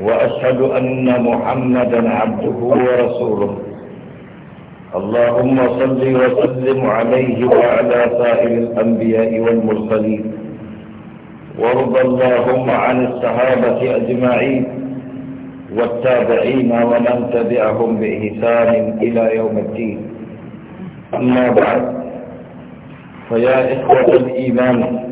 وأشهد أن محمدا عبده ورسوله اللهم صل وسلم عليه وعلى سائر الأنبياء والمرسلين وارض اللهم عن الصحابة أجمعين والتابعين ومن تبعهم بإحسان إلى يوم الدين أما بعد فيا إخوة الإيمان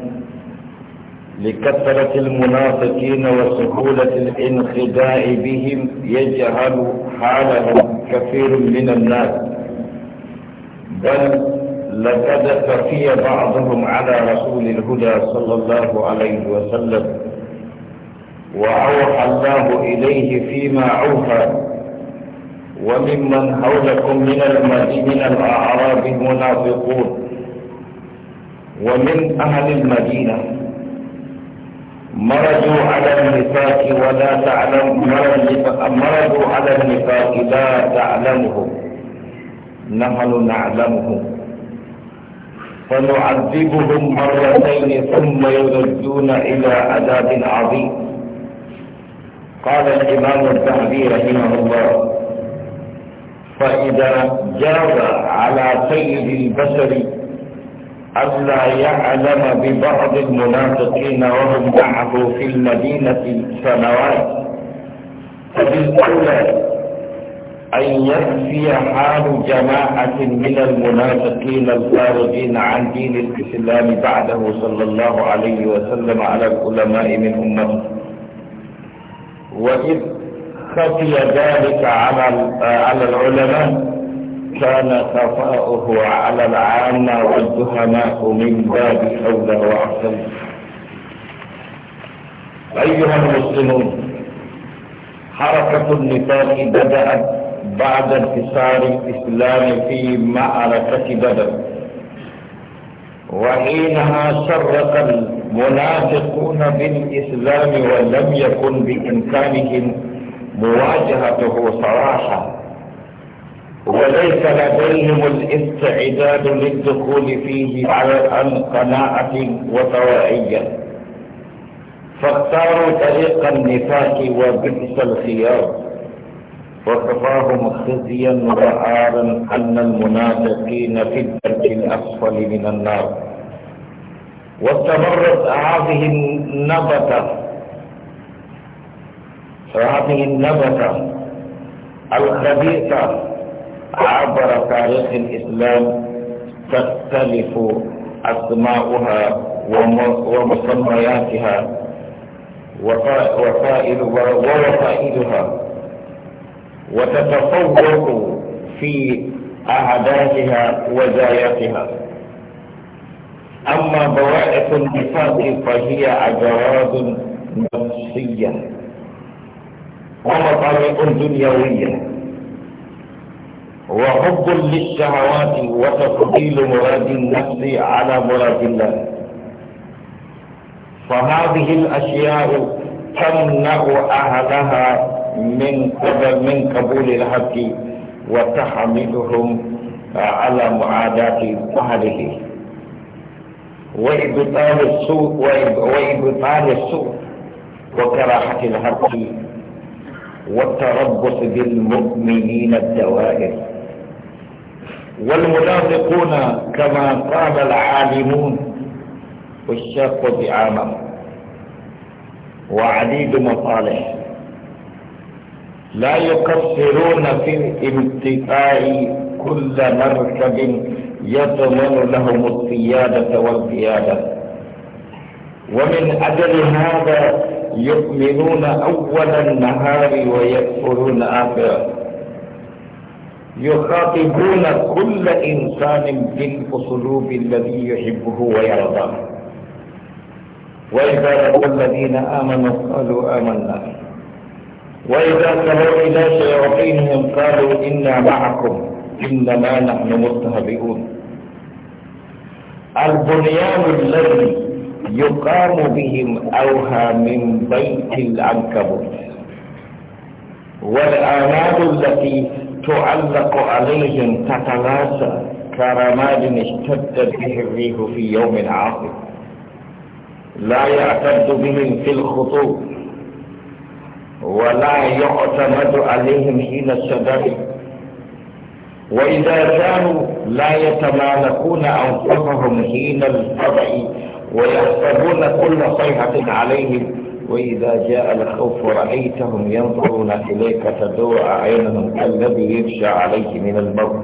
لكثرة المنافقين وسهولة الانخداع بهم يجهل حالهم كثير من الناس بل لقد خفي بعضهم على رسول الهدى صلى الله عليه وسلم وأوحى الله إليه فيما أوحى وممن حولكم من المدينة الأعراب منافقون ومن أهل المدينة مرضوا على النفاق ولا تعلم مرضوا على النفاق لا تعلمهم نحن نعلمهم فنعذبهم مرتين ثم يردون إلى عذاب عظيم قال الإمام الذهبي رحمه الله فإذا جاز على سيد البشر ألا يعلم ببعض المنافقين وهم معه في المدينة سنوات فبالأولى أن يكفي حال جماعة من المنافقين الخارجين عن دين الإسلام بعده صلى الله عليه وسلم على العلماء من أمته وإذ خفي ذلك على على العلماء كان خفاؤه على العامة والجهماء من باب حول وعسل أيها المسلمون حركة النفاق بدأت بعد انتصار الإسلام في معركة بدر وحينها شرق المنافقون بالإسلام ولم يكن بإمكانهم مواجهته صراحة وليس لديهم الاستعداد للدخول فيه عن قناعة وطواعية فاختاروا طريق النفاق وبئس الخيار وكفاهم خزيا وعارا أن المنافقين في الدرك الأسفل من النار واستمرت هذه النبتة هذه النبتة الخبيثة عبر تاريخ الإسلام تختلف أسماؤها ومسمياتها وفائل ووفائلها وتتفوق في أعدادها وزاياتها أما بواعث النفاق فهي أجراد نفسية ومطالب دنيوية وحب للشهوات وتفضيل مراد النفس على مراد الله فهذه الأشياء تمنع أهلها من قبل من قبول الحق وتحملهم على معاداة أهله وإبطال السوء وإبطال السوء وكراهة الحق والتربص بالمؤمنين الدوائر والمنافقون كما قال العالمون والشاق زعاما وعديد مصالح لا يقصرون في الانتفاع كل مركب يضمن لهم القيادة والقيادة ومن أجل هذا يؤمنون أول النهار ويكفرون آخره يخاطبون كل إنسان بالأسلوب الذي يحبه ويرضاه وإذا لقوا الذين آمنوا قالوا آمنا وإذا سروا إلى شياطينهم قالوا إنا معكم إنما نحن مستهبئون البنيان الذي يقام بهم أوهى من بيت العنكبوت والآمال التي تعلق عليهم تتلاسى كرماد اشتد به الريح في يوم عاصف لا يعتد بهم في الخطوب ولا يعتمد عليهم حين الشدائد وإذا كانوا لا يتمالكون أنفسهم حين الفضع ويحسبون كل صيحة عليهم وإذا جاء الخوف رأيتهم ينظرون إليك تدور أعينهم كالذي يخشى عليه من الموت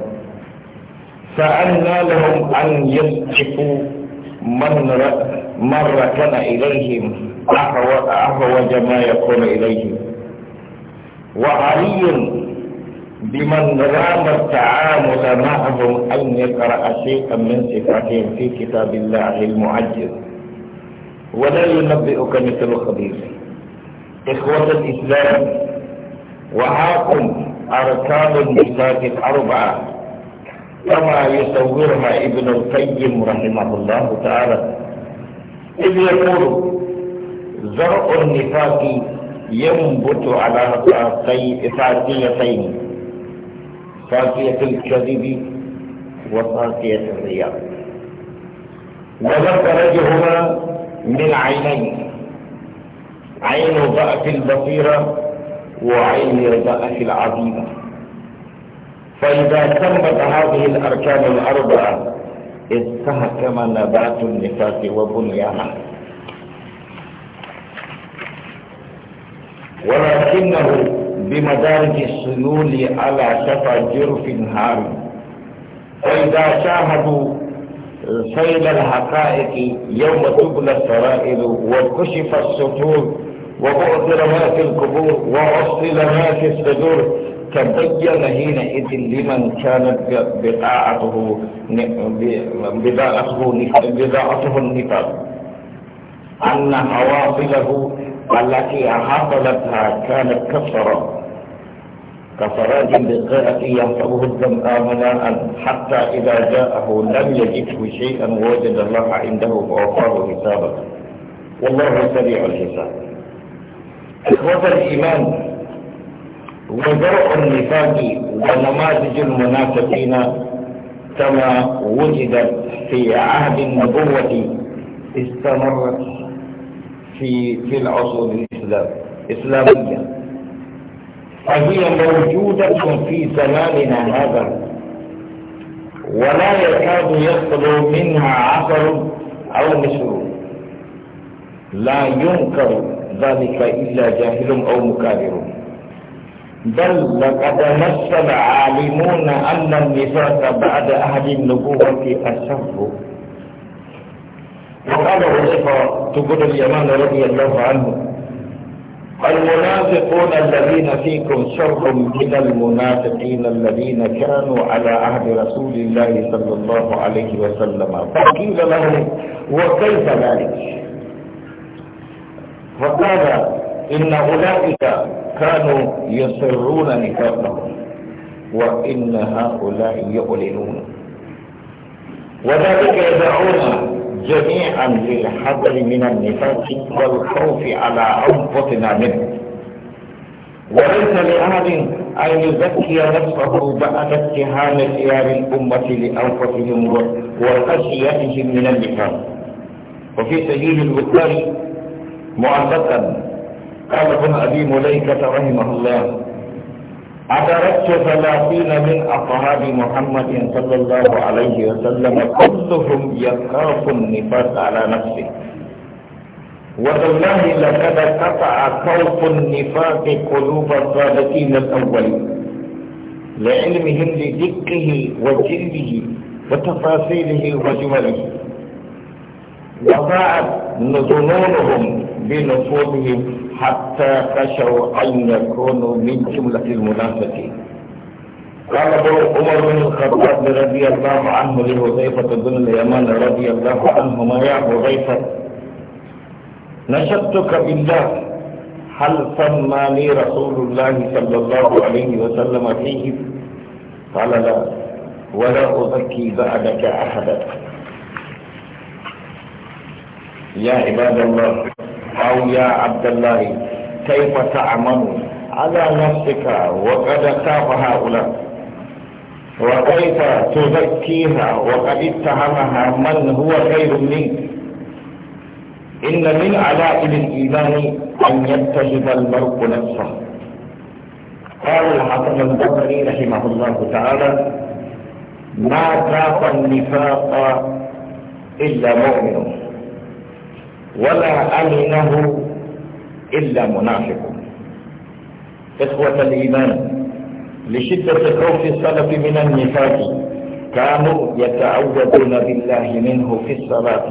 فأنى لهم أن يسقطوا من من ركن إليهم أهوج ما يكون إليهم وعلي بمن رام التعامل معهم أن يقرأ شيئا من صفاتهم في كتاب الله المعجز ولا ينبئك مثل خبير إخوة الإسلام وعاكم أركان النفاق الأربعة كما يصورها ابن القيم رحمه الله تعالى إذ يقول زرع النفاق ينبت على فاكيتين فاكية الكذب وفاكية الرياء وذكر رجهما من عينه بقى في البصيرة بقى في العظيمة فإذا تمت هذه الأركان الأربعة استحكم نبات النفاق وبنيانه ولكنه بمدارج السيول على شفا جرف هام فإذا شاهدوا سيل الحقائق يوم تبلى السرائر وكشف السطور وبعثر ما في القبور ووصل ما في الصدور تبين حينئذ لمن كانت بضاعته بضاعته بضاعته النفاق أن حواصله التي حصلتها كانت كفرا كفراج بالقرأ يحسبه الظمآن حتى إذا جاءه لم يجده شيئا وجد الله عنده فوفاه حسابه والله سريع الحساب إخوة الإيمان وزرع النفاق ونماذج المنافقين كما وجدت في عهد النبوة استمرت في في العصور الإسلام إسلامية فهي موجودة في زماننا هذا ولا يكاد يصل منها عثر أو نشر لا ينكر ذلك إلا جاهل أو مكابر بل لقد نص العالمون أن النفاق بعد أهل النبوة أشر وقال وصف تقول اليمان رضي الله عنه المنافقون الذين فيكم شر من المنافقين الذين كانوا على عهد رسول الله صلى الله عليه وسلم فقيل لهم وكيف ذلك فقال إن أولئك كانوا يسرون نفاقهم وإن هؤلاء يعلنون وذلك يدعون جميعا للحذر من النفاق والخوف على أنفسنا منه وليس لأحد أن يزكي نفسه بعد اتهام خيار الأمة لأنفسهم وخشيتهم من النفاق وفي سبيل البخاري معلقا قال ابن أبي مليكة رحمه الله أدركت ثلاثين من أصحاب محمد صلى الله عليه وسلم كلهم يخاف النفاق على نفسه والله لقد قطع خوف النفاق قلوب الصادقين الأولين لعلمهم لدقه وجلده وتفاصيله وجمله وضاعت ظنونهم بنفوذهم حتى خشوا أن يكونوا من جملة المنافقين قال ابو عمر بن الخطاب رضي الله عنه لحذيفة بن اليمان رضي الله عنهما يا حذيفة نشدتك بالله هل سماني رسول الله صلى الله عليه وسلم فيه قال لا ولا أزكي بعدك أحدا يا عباد الله أو يا عبد الله كيف تعمل على نفسك وقد تاب هؤلاء وكيف تزكيها وقد اتهمها من هو خير لي إن من علائم الإيمان أن يتجد المرء نفسه قال الحسن البصري رحمه الله تعالى ما خاف النفاق إلا مؤمن ولا أمنه إلا منافق إخوة الإيمان لشدة خوف السلف من النفاق كانوا يتعوذون بالله منه في الصلاة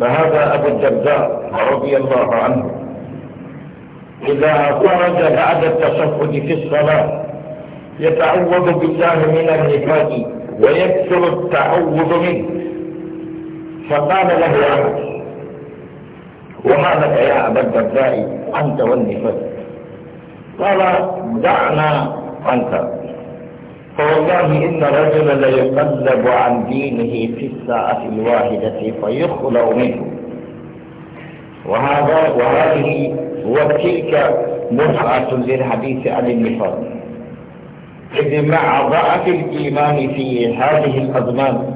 فهذا أبو الدرداء رضي الله عنه إذا خرج بعد التشهد في الصلاة يتعوذ بالله من النفاق ويكثر التعوذ منه فقال له أحد وهذا يا أبا الدرداء أنت والنفاق قال دعنا أنت فوالله إن رجلا ليقلب عن دينه في الساعة الواحدة فيخلع منه وهذا وهذه وتلك متعة للحديث عن النفاق إذ مع ضعف الإيمان في هذه الأزمان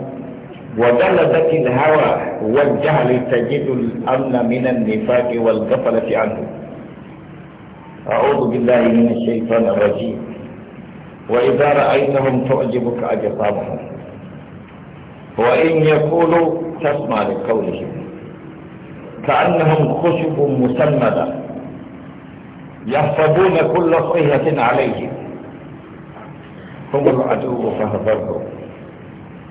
وجلدت الهوى والجهل تجد الأمن من النفاق والغفلة عنه أعوذ بالله من الشيطان الرجيم وإذا رأيتهم تعجبك أجسامهم وإن يقولوا تسمع لقولهم كأنهم خشب مسندة يحفظون كل صيحة عليهم هم العدو فاحذرهم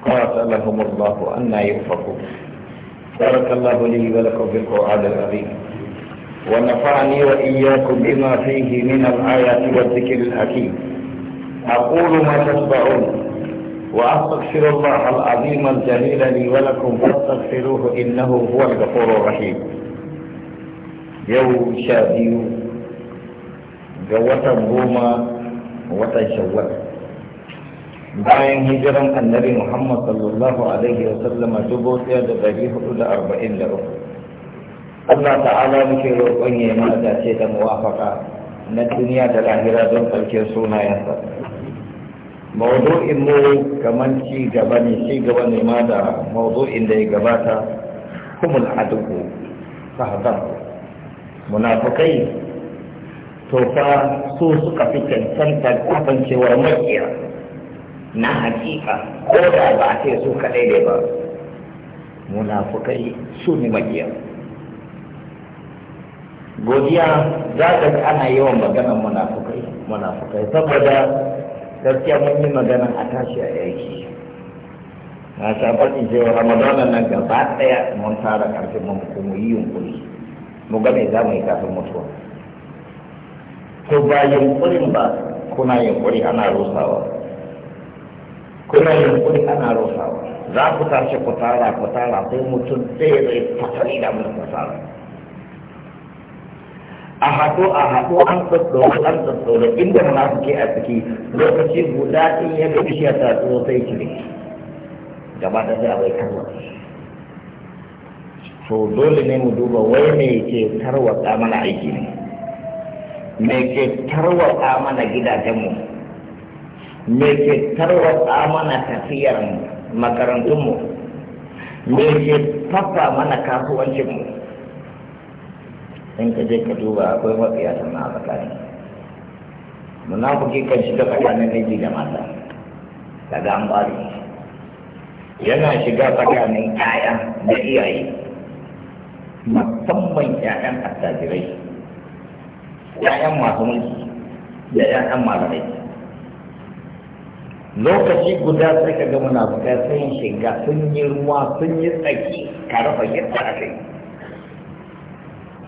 قاتلهم لهم الله أن يوفقون بارك الله لي ولكم في القرآن العظيم ونفعني وإياكم بما فيه من الآيات والذكر الحكيم أقول ما تسمعون وأستغفر الله العظيم الجليل لي ولكم فاستغفروه إنه هو الغفور الرحيم يوم شاديو جوة بوما وتشوت bayan hijiran annabi Muhammad sallallahu alaihi wa sallama dubu ɗaya da ɗari hudu da arba'in da uku. Allah ta'ala muke roƙon ya ma ce da muwafaka na duniya da lahira don ɗauke sunayensa. Maudu'in mu kamar ci gaba ne ci gaba ne ma da maudu'in da ya gabata kumul adubu fahazan munafukai to fa su suka fi cancantar kasancewar maƙiya na hakika ko da ba a ce su kaɗai ne ba munafukai su ne magiya godiya za ka ga ana yawan maganar munafukai munafukai saboda gaskiya mun yi magana a tashi a yaki na shafar cewa ramadana nan gaba ɗaya mun tara ƙarfin mun kuma yi yunkuri mu ga za mu yi kafin mutuwa ko ba yunkurin ba kuna yunkuri ana rusawa kuna yunkuri ana rosawa za ku tashi ku tara ku tara sai mutum sai zai fasari da mutum fasara a haɗo a haɗo an tsatsoro an tsatsoro inda suke a ciki lokaci guda in ya ga bishiya ta tsoro sai cire gaba da sai a bai karwa to dole ne mu duba wai me ke tarwatsa mana aiki ne me ke tarwatsa mana gidajenmu me ke tarwatsa mana tafiyar makarantunmu me ke fafa mana kasuwancinmu in ka je ka duba akwai matsiya na a tsakanin munafiki kan shiga tsakanin miji da mata daga an bari yana shiga tsakanin ƴaƴa da iyaye musamman ƴaƴan attajirai ƴaƴan masu mulki da ƴaƴan malamai lokaci guda sai ka ga sai yin shiga sun yi ruwa sun yi tsaki ka rufe yadda aka yi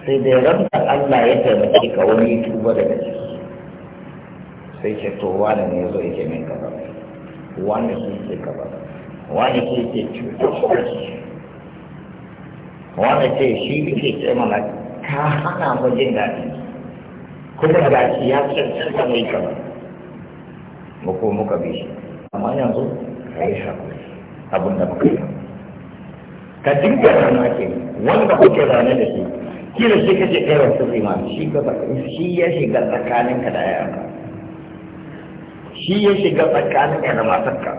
sai dai ranta Allah ya taimake ka wani tuba daga ciki sai ce to wani ne zo yake min kaza wani ke ce kaza wani ke ce cutar wani ce shi ke ce mana ka hana mu jin daɗi kuma da ya ce mai kaza mu ko muka bi shi amma yanzu ka yi haƙuri abin da muka yi ka dinga rana ke wanda kuke zane da shi kila shi ka je kai wasu imam shi ka shi ya shiga tsakanin ka da yayanka shi ya shiga tsakanin ka da matarka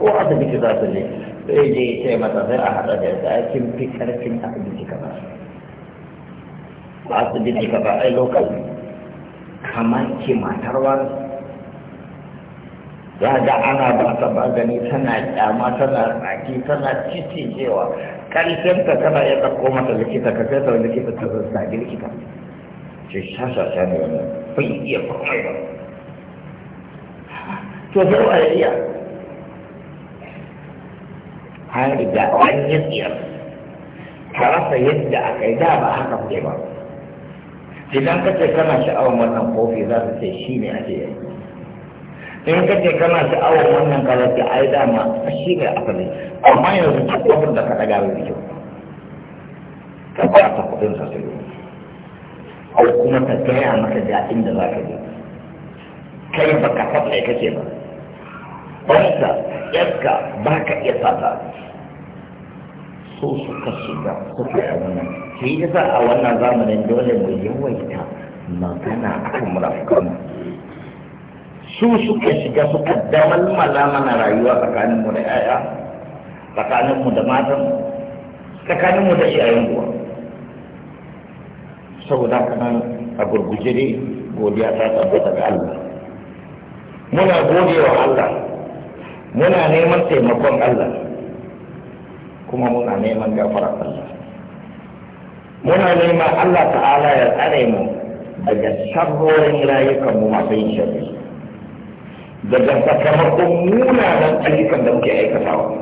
ko asibiti za su je sai je ya ce mata sai a haɗa da yadda aikin fi ƙarfin asibiti kamar ba asibiti ka ba ai lokal kamar ki matar wani za ga ana ba ta magani tana kyama tana raki, tana cicicewa ta tana ya ɗauko mata likita ka sai ta likita ta zaki likita ce shasa ta ne wannan bai iya komai ba to sai wa yayya iya da an yi tsiya ka rasa yadda aka yi da ba haka kuke ba idan ka ce kana sha'awar wannan kofi za ta ce shi ne ake yi in ka ce kana sha'awar wannan kaza ce ai dama shi ne a asali amma yanzu duk abin da ka daga mai kyau ka ba ta kuɗin sa sai ko kuma ta gaya maka da inda za ka je kai ba ka faɗa ya kake ba ɗansa yarka ba ka iya sata so suka shiga suka yi wannan shi yasa a wannan zamanin dole mu yawaita magana akan murafukan su suka shiga su kaddamar damalmala mana rayuwa tsakaninmu da 'ya'ya tsakaninmu da matan tsakaninmu da iyayen uwa saboda haka a gurguje ne, godiya ta tabbata ga Allah muna gode wa Allah muna neman taimakon Allah kuma muna neman gafara Allah muna neman Allah ta'ala ya tsare mu daga sabrorin rayukanmu masu yin shari'a daga sakamakon munanan ayyukan da muke aikatawa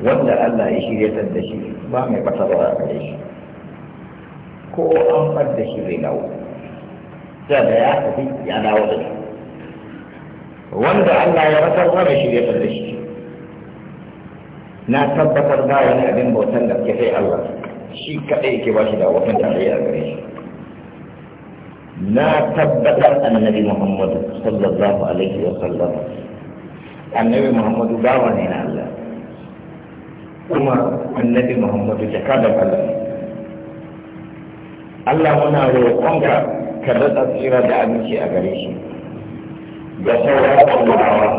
wanda Allah ya shirya da shi ba mai batarwa a gare shi ko an fadda shi zai dawo sai da ya tafi ya dawo da shi wanda Allah ya batarwa mai shirya da shi na tabbatar da wani abin bautan da ke sai Allah shi kaɗai ke ba shi da wata tarayya a gare shi na tabbatar annabi muhammadu sallallahu alaihi wa sallam annabi muhammadu bawa ne na Allah kuma annabi muhammadu jakadan Allah Allah muna roƙonka ka rasa tsira da aminci a gare shi da sauran annabawa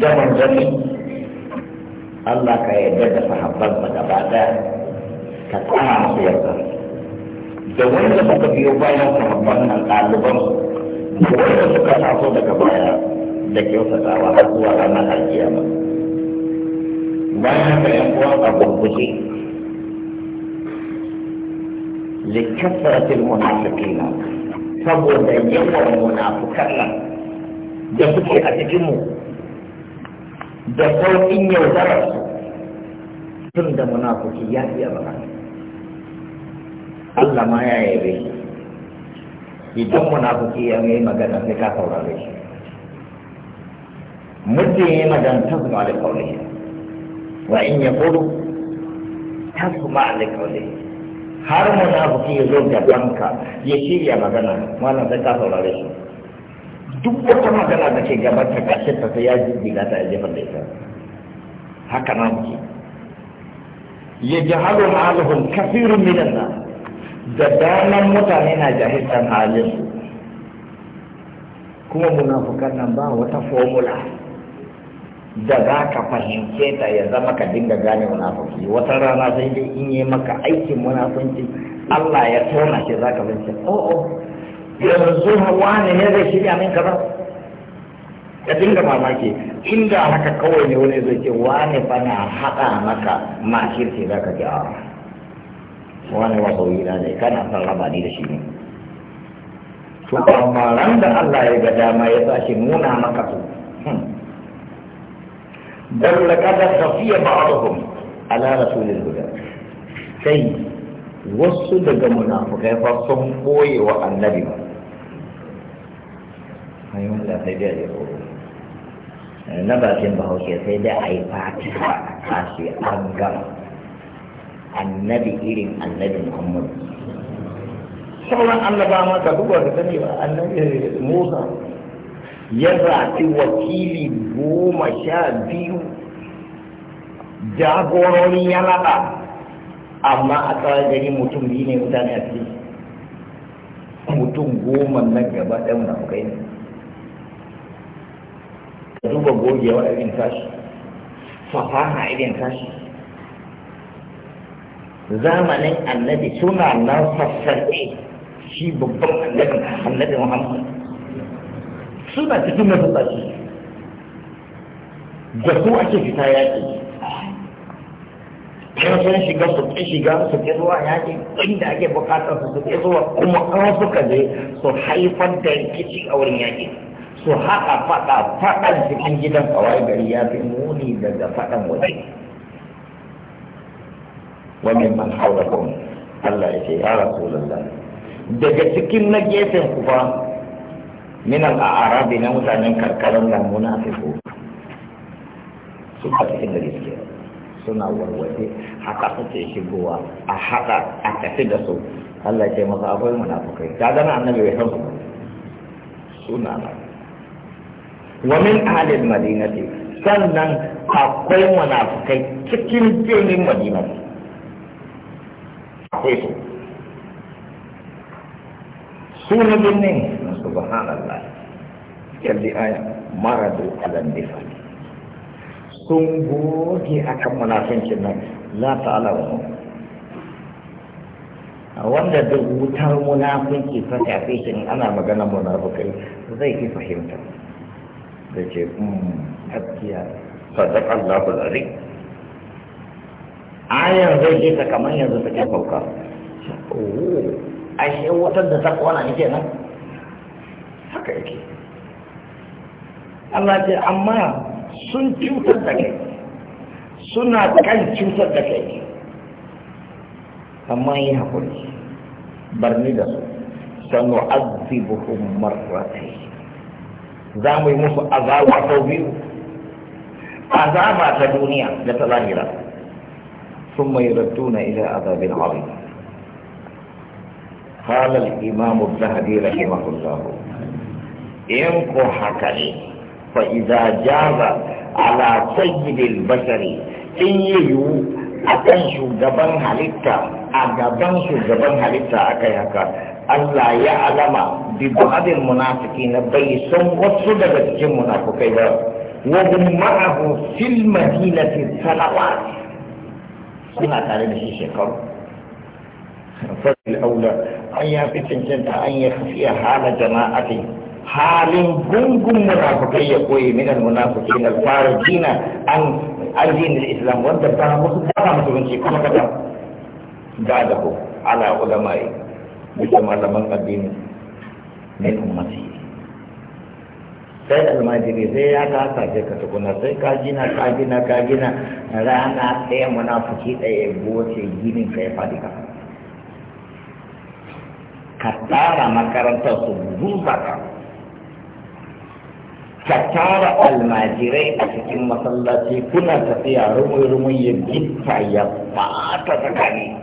da manzanni Allah ka yarda da sahabban gaba ɗaya ka tsara su yarda da wanda suka biyo bayan sababbin nan ɗaliban da wanda suka taso daga baya da kyautatawa har zuwa ranar alkiyama bayan ga yan uwa a gurguje likafaratil munafiqina saboda yawan munafikan nan da suke a cikinmu da sauƙin yaudararsu tun da munafiki ya fiye mana. Allah ma ya yabe shi idan munafiki ya yi magana sai ka saurare shi muddin ya magana ta zuma da kaule wa in ya kudu ta zuma da kaule har munafiki ya zo gabanka ya shirya magana wannan sai ka saurare shi duk wata magana da ke gaban ta kashe ta sai ya jijjiga ta ya jefa ita haka nan ke ya jahalu ma'aluhun kafirun minan nan da daman mutane na jahiltan halin kuma munafukan nan ba wata formula da za ka fahimce ta ya zama ka dinga gane munafuki wata rana sai dai in yi maka aikin munafunci Allah ya tona shi za ka zance o'o oh, oh, yanzu wani ne zai shirya min kaza ka dinga mamaki inda haka kawai ne wani zai ce wani fa na haɗa maka makirci za ka ji a'a wani na ne kana son Lamani da shi ne Su amma ran da Allah ya ga dama ya sa shi nuna maka su hmm. bal laqad khafiya ba'dhum ala rasulil huda sai wasu daga munafukai fa sun boye wa annabi ba ai wanda sai dai ya tsoro eh, na ba shi bakin bahaushe sai dai a yi fatiha a shi an gama annabi irin annabi muhammad sauran annaba ma ka duba da sani ba annabi musa ya zaɓi wakili goma sha biyu jagorori ya naɗa amma a tsawon gari mutum biyu ne mutane a ciki mutum goma na gaba ɗaya munafukai ne ka duba gogewa irin tashi fasaha irin tashi zamanin annabi suna nan sassanne shi babban annabi annabi muhammad suna cikin mafi da su ake fita yaƙi kan sun shiga su ƙi shiga su ƙi zuwa yaƙi inda ake buƙatar su su ƙi zuwa kuma an suka je su haifar da rikici a wurin yaƙi su haɗa faɗa faɗan cikin gidan kawai gari ya fi muni daga faɗan waje wa mimman haulakum Allah ya ce ya rasulullah daga cikin na gefen ku minan a arabi na mutanen karkaran nan munafiku suka cikin gari suke suna warwaje haka suke shigowa a haka a tafi da su Allah ya ce masa akwai munafikai ta gana annabi bai san su suna nan wa min ahlil madinati sannan akwai munafikai cikin birnin madinati akwai su suna binne na subhanallah kalli aya maradu alan nifaq sun goge akan munafincin nan la ta'ala wa wanda duk wutar munafinci ta shafe shi ana magana munafikai zai fi fahimta da ce hmm, gaskiya sadaka Allahu alazim ayar zai ke ta kamar yanzu take a shi wutar da ta kwana ne kenan haka yake Allah ce amma sun cutar da kai suna kan cutar da kai amma yi hakuri barni da su sanu azibuhum marratai za mu yi musu azaba sau biyu azaba ta duniya da ta zahira ثم يردون إلى عذاب العظيم قال الإمام الذهبي رحمه الله ان إنكو حكري فإذا جاز على سيد البشر إن يهو أكن شجبان حليتا أجبان شجبان حليتا أكي حكا ألا يعلم ببعض المنافقين بي سن وصد فكيبا وهم معه في المدينة الصلوات suna tare da shi shekaru fadil aula an ya fi cancanta an ya fiya hala jama'ati halin gungun munafukai ya koyi min al na fara jina an ajin da islam wanda ta musu ba musulunci kuma kada da da ku, ala ulama'i bisa malaman addini min ummati Sai almajiri sai ya ka sace ka tukuna sai ka gina ka gina ka gina rana ɗaya munafuki ɗaya goce ginin ka ya faɗi ka ka tsara makarantar su zuba ka ka tara almajirai a cikin masallaci kuna tafiya rumuri-rumuri ya gitta ya fata tsakani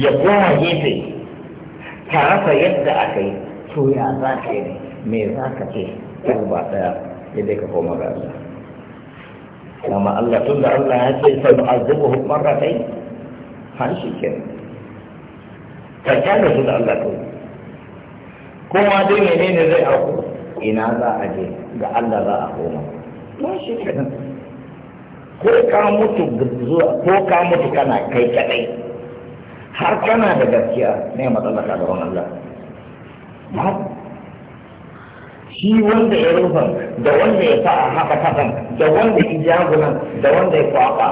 ya koma gefe ka rasa yadda aka yi to ya za ka yi me za ka ce ba daya, ya dai ka koma ga Allah kama Allah tun da Allah ya ce sanu azubu hukumar ratai har shi ke ka kyale su da Allah kawai kuma dai ne zai auku ina za a je ga Allah za a koma ba shi ke ko ka mutu zuwa ko ka mutu kana kai kadai har kana da gaskiya ne ka ga Allah shi wanda ya rufa da wanda ya sa a haka kafan da wanda ya jagunan da wanda ya kwafa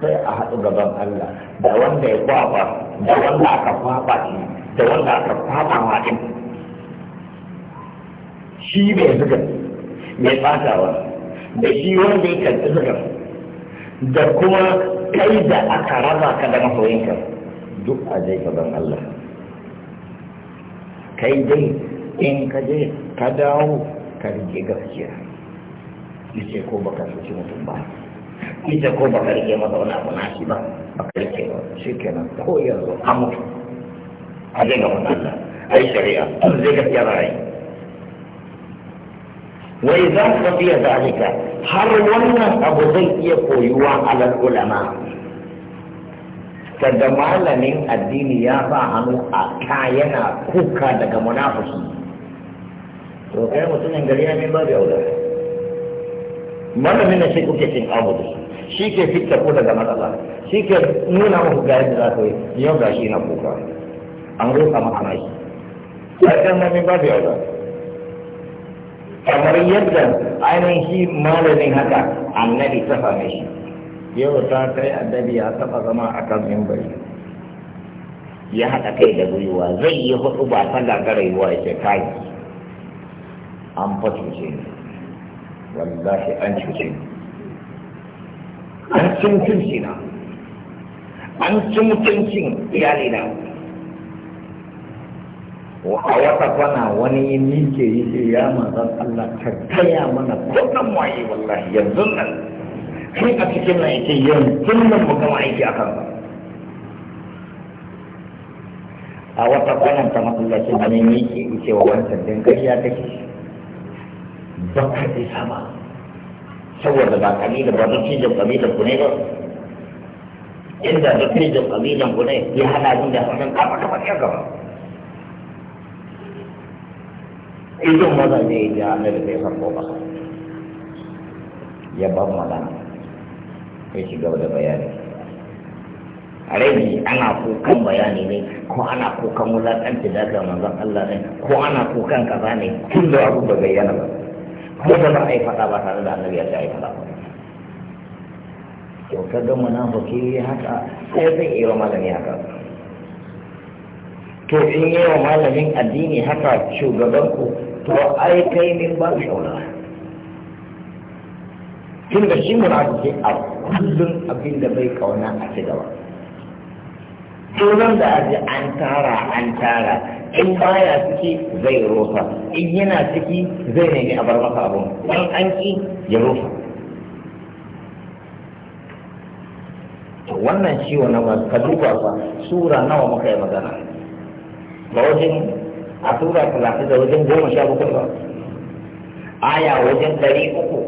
sai a haɗu gaban Allah da wanda ya kwafa da wanda aka kwafa shi da wanda aka kwafa ma ɗin shi mai zuga mai fatawa da shi wanda ya karɓi zuga da kuma kai da aka raba ka da mahoyinka duk a jai gaban Allah kai dai in ka je ka dawo ka rike gaskiya ita ko baka soci mutum ba ita ko baka rike masa wani abu nashi ba baka rike ba shi kenan ko yanzu amur a zai wani Allah a yi shari'a a zai ga za a wai za ku tafiya alika har wannan abu zai iya koyuwa alal ulama kada malamin addini ya ba hannu a ka yana kuka daga munafiki to kai mutumin gari ya ne babu aula malamin na shi kuke cin abu da shi ke fitar ko daga matsala shi ke nuna muku ga yadda za ka yi yau ga shi na kuka an roƙa maka mai ƙarƙar ba babu aula kamar yadda ainihin shi malamin haka annabi ta same shi yau ta kai annabi ya taɓa zama a kan mimbari ya haɗa kai da gwiwa zai yi hudu ba ta gagarai wa ya ce kai an fa cuce ni wallahi an cuce ni an cin mutunci na an cin mutuncin iyali na a wata kwana wani yin nike yi ke ya manzan Allah ka gaya mana kuɗin waye wallahi yanzu nan kai a cikin nan yake yanzu nan mu gama aiki a kan a wata kwanan ta matsalashin wani nike yi ke wa wancan din gariya take don isa ba saboda ba ƙabila ba don cijin kabilan ku ne ba inda da cijin kabilan ku ne ya hana jin da hannun kama kama ya gaba idan maza ne ya da bai farko ba ya ba magana ya gaba da bayani rai ana kukan bayani ne ko ana kukan wulaƙanci da ga manzon Allah ne ko ana kukan kaza ne tun da abu ba bayyana ba kai ba a yi faɗa ba tare da annabi ya ce a yi faɗa ba to ka ga munafiki haka sai zai iya malami haka to in yi wa malamin addini haka shugaban ku to ai kai min ba shaula tun da shi munafiki a kullum abin da bai kauna a ci gaba sunan da ji an tara an tara in baya ciki zai rufa in yana ciki zai nemi a bar masa abun in an ki ya rufa to wannan ciwo na ka duba fa sura nawa muka yi magana ba wajen a sura talatin da wajen goma sha bakwai ba aya wajen ɗari uku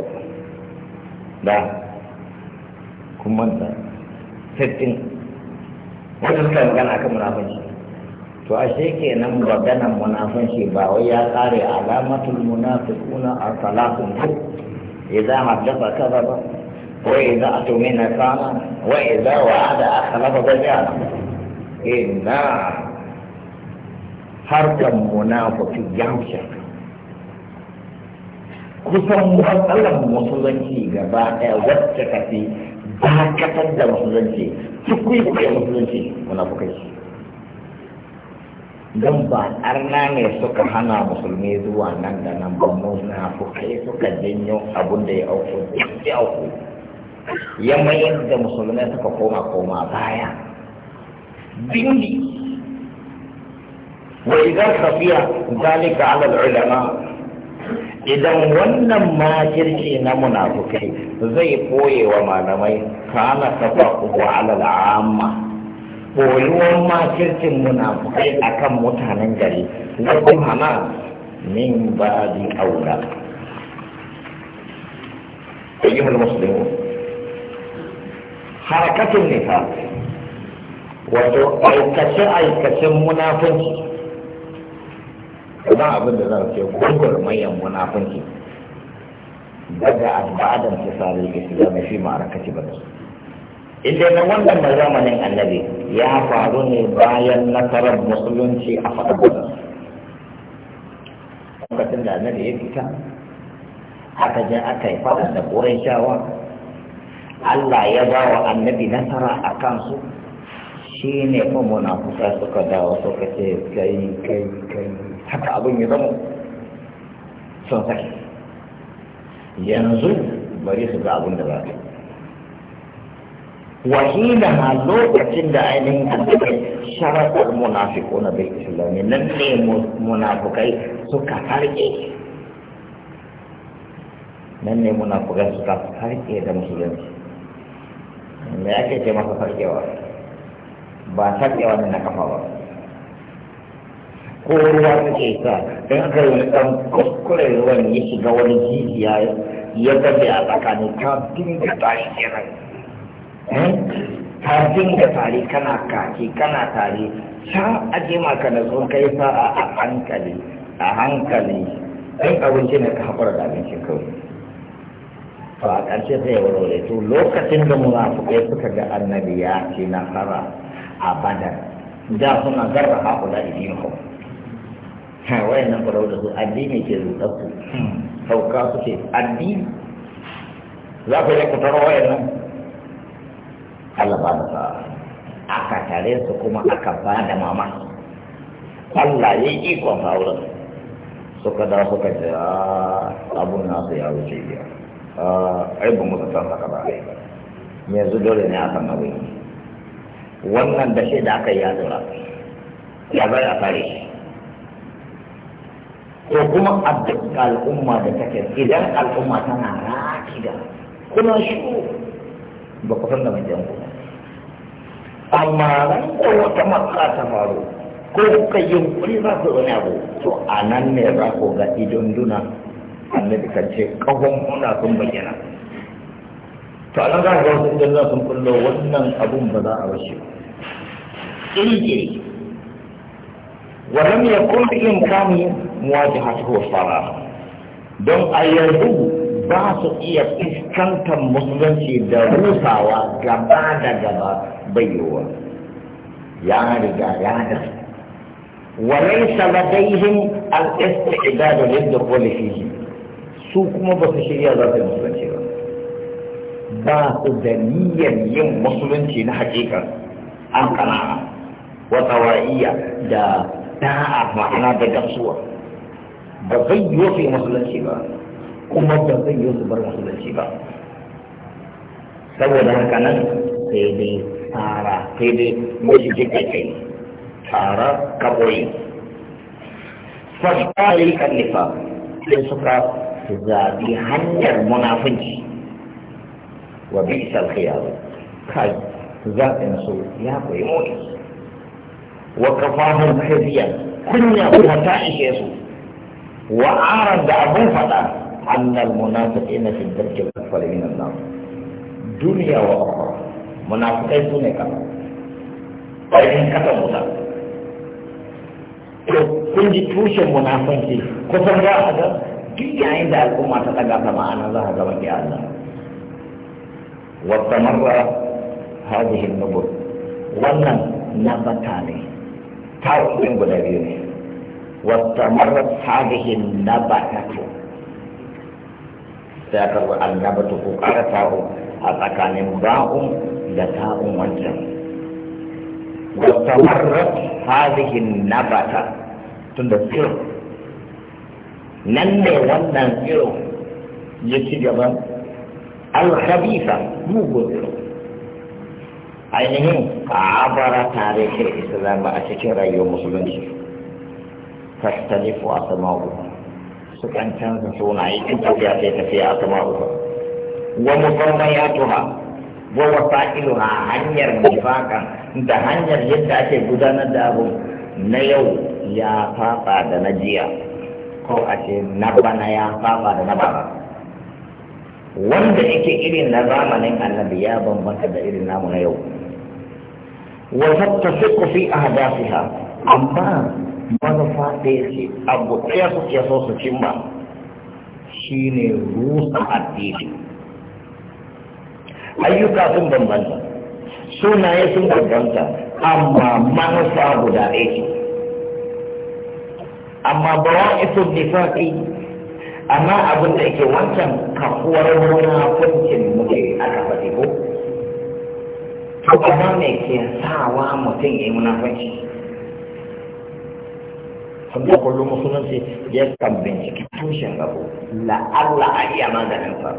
da kuma da sittin wanda suka magana akan munafanci to ke nan maganan munafanci ba wai ya kare alamatul munafiquna a salatun idza haddatha kadaba wa idza atumina kana wa idza wa'ada akhlafa dajjala inna harkan munafiki yamsha kusan matsalar musulunci gaba ɗaya wacce ka fi dakatar da musulunci cikwi kuke musulunci munafukai don ba arna ne suka hana musulmi zuwa nan da nan ba munafukai suka janyo abun da ya auku ya auku ya mayar da musulmai suka koma koma baya bindi wa idan safiya zalika ala ulama idan wannan makirci na munafukai zai koye wa malamai kana tafaquhu ala amma, koyuwar makircin munafukai akan mutanen gari lakum hana min ba'di aula ayyuhal muslimu harakatun nifaq wato aikace aikacen munafunci kuma abin da zan ce gugur mayan munafunci daga al'adar ta sare da su shi ma rakaci ba inda na wannan da zamanin annabi ya faru ne bayan nasarar musulunci a faɗin lokacin da annabi ya fita aka je aka yi faɗa da shawa Allah ya ba wa annabi nasara a kansu shi ne kuma munafuka suka dawo suka ce kai kai kai haka abin ya zama sun sai yanzu bari su ga abin da za su wahina na lokacin da ainihin kuma sharafar munafiko na bai islami nan ne munafukai suka harge nan ne munafukai suka harke. da musulunci me ake ce masa farkewa ba sarkewa ne na kafa ba ko ruwa take sa don aka yi ɗan kuskure ruwan ya shiga wani jijiya ya gabe a tsakanin, ta dinga tashi kenan ta eh? dinga tare kana kaki kana tare ta aje maka na sun kai sa a hankali a hankali ɗan abinci ne ka haƙura da abinci kawai to a ƙarshe sai ya warware to lokacin da munafukai suka ga annabi ya ce nasara a badar da suna garra haƙula idinkum Waye nan farau da su addini ke da su sauka suke addini za ku yi ku waye nan Allah ba da sa aka tare su kuma aka ba da mama Allah ya yi ikon faurin suka da suka ce ah, abun nasu ya wuce biya ah, ai ba musu san saka ba yanzu dole ne a san abin wannan da shi da aka yi ya zura ya bari a fare shi ko kuma a abdika al'umma da take idan al'umma tana rakiga kuna shi ba ku san da majiyan ku amma ran da wata matsala ta faru ko kuka kuri za ku wani abu to a nan ne za ku ga idon duna annabi kan ce kahon huna sun bayyana to anan za ku ga wasu idon sun kullo wannan abun ba za a bashi ba ƙirƙiri ولم يكن بإمكاني مواجهته الصلاة don a yanzu ba su iya fuskantar musulunci da rusawa gaba da gaba bayyowa ya riga ya walai saladaihim al-istidad lid-dukhul fihi su kuma basu shirya za su musulunci ba ba su da niyyar yin musulunci na hakika an kana'a wa da a ma'ana da gamsuwa ba zai yi wasu musulunci ba kuma ba zai yi wasu bar musulunci ba saboda haka nan sai dai tsara sai dai mashi jikin kai tsara kaboyi fasfari kallifa sai suka zaɓi hanyar munafunci wa bi isal khiyar kai zaɓin su ya koyi motsi وكفاهم خزيا كنا فتاء يسوع وأعرض عن أن المنافقين في الدرك الأسفل من النار دنيا وأخرى منافقين دون كما وإن كتبوا ذلك كنت توشي منافقين كفر هذا كي عند الأمة تتقاطع مع أن الله هذا الله واستمر هذه النبوة ولن نبتاني tasirin guda biyu ne wata marar salihin na ce sai aka gaba ta ko kara tawo a tsakanin ba'un da ta'un wancan wata marar salihin na ta tun da tsiro nan ne wannan tsiro ya ci gaba alhabisa mugun tsiro ainihin a abara tarihin islam a cikin rayuwar musulunci fastanifu a sama'u sukan canza yi in tafiya sai tafiya a sama'u wa musamman ya tuha wa wasa'ilu hanyar nifakan da hanyar yadda ake gudanar da abu na yau ya faɓa da na jiya ko a ce na bana ya faɓa da na bana. wanda yake irin na zamanin annabi ya bambanta da irin namu na yau وتتفق في أهدافها أما manufa ɗaya ce abu ɗaya suke so su cimma rusa addini ayyuka sun bambanta sunaye sun bambanta amma manufa guda ɗaya amma bawa ito nifaƙi amma abin da ke wancan kafuwar munafuncin muke aka ko to kuma ne ke sawa mutum ya yi munafanci da kullum musulunci ya kan binciki tushen abu la'alla a iya maganin sa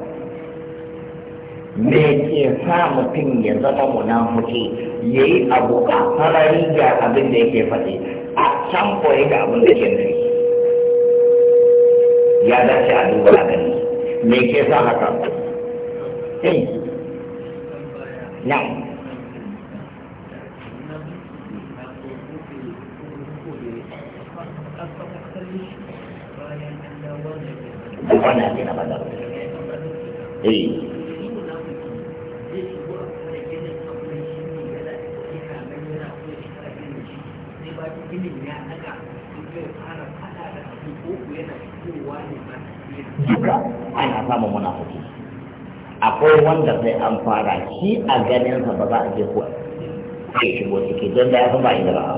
me ke sa mutum ya zama munafuki ya yi abu a farari ga abin da yake faɗi a can koyi ga abin da ke nufi ya dace a duba a gani me ke sa haka? Eh, na'am. wannan ne na eh duka ana samun munafuki akwai wanda sai an fara shi a ganinsa ba za a je kuwa shigo ciki don da ya fi ba da ba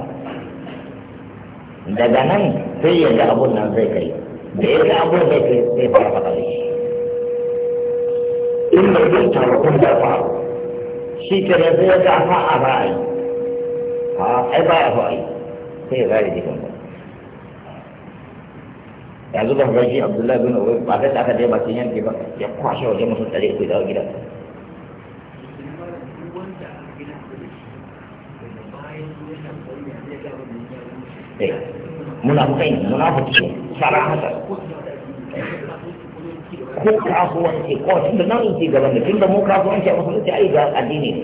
daga nan sai yadda abun nan zai kai da ya ga abin da ke zai fara faɗa da shi in mai bin tarakun da faru shi ke nan sai ga fa a ba a yi a ai ba a fa yi sai ya zai jikin ba yanzu ba ga shi abdullahi bin ubai ba sai aka dai bakin yanki ba ya kwashe waje mutum ɗari ku dawo gida Yeah. ne munafukai munafuki sarahata ko kasuwanci ko tun da nan ke gaban da tun da mu kasuwanci a musulunci ai ga addini ne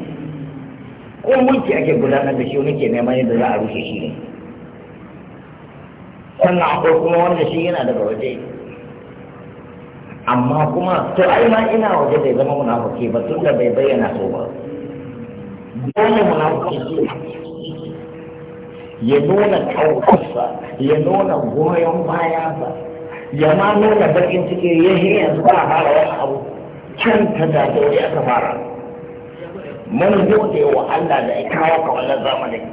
ko mulki ake gudanar da shi wani ke neman yadda za a rushe shi ne sannan akwai kuma wanda shi yana daga waje amma kuma to ai ma ina waje bai zama munafuki ba tun da bai bayyana so ba dole ne. ya nuna kaukarsa ya nuna goyon bayansa ya ma nuna bakin ciki ya yi yanzu ba fara wani abu can ta da ya ta fara mun gode wa Allah da ya kawo ka wannan zamanin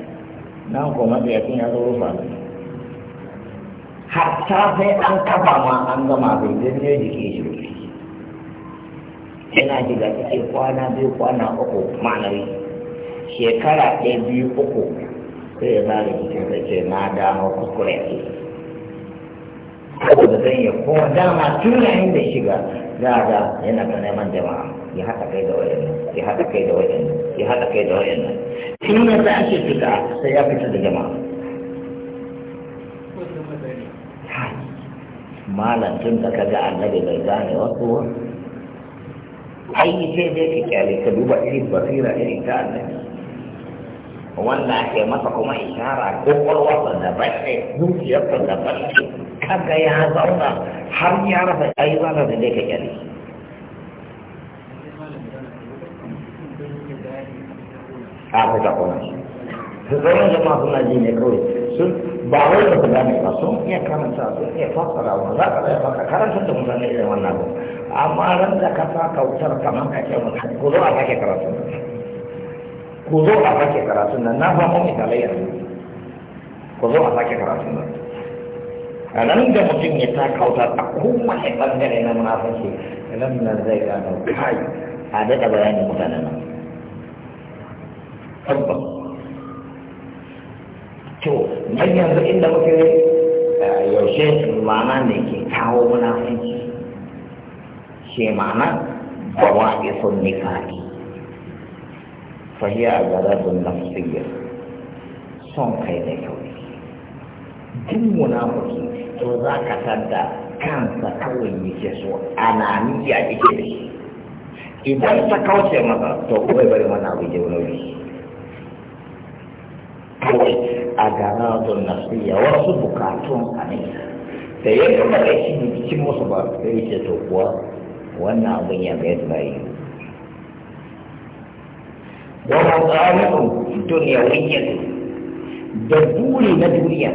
nan kuma da yakin ya zo rufa da hatta sai an kafa ma an gama bai zai ne jike shi yana shiga cikin kwana biyu kwana uku ma'anari shekara ɗaya biyu uku sai ya sa da cikin sai ce na gano kuskure ke saboda zan yi kuma dama tun yayin da shiga za a ga yana ta neman jama'a ya haɗa kai da wayan nan ya haɗa kai da wayan nan ya haɗa kai da wayan nan tun da za a ce fita sai ya fita da jama'a malam tun da kaga annabi bai gane wasu wa ai sai dai ka kyale ka duba irin basira irin ta annabi wanda ake masa kuma ishara kwakwalwarsa da bace zuciyarsa da bace kaga ya zauna har ya rasa ya yi zana da dai ka kyale a kuka kuma su tsoron jama'a suna ji ne kawai sun ba wai da su gane ba sun iya karanta sun iya fassara ba za ka zai baka karanta da mutane irin wannan amma ran da ka sa kautar kamar ka ce mutum ko zo a sake karatu ku zo a sake karatun nan na samu misalai yanzu ku zo a sake karatun nan a nan da mutum ya ta kautar a kuma ya bangare na munafanci nan nan zai gano kai a daɗa bayanin mutanen nan tabbas to nan yanzu inda muke yaushe ma'ana ne ke kawo munafanci shi ma'ana ba wa isun nifaki فهي أغراض نفسية son kai da kyau ne duk munafiki to za tadda kansa kawai yake so ananiya yake da shi idan ta kauce masa to mana abu je wani kawai a gana don wasu bukatun ne da shi bikin musu ba sai ce to kuwa wannan abin ya ga yi wa duniya dunyawiyya da buri na duniya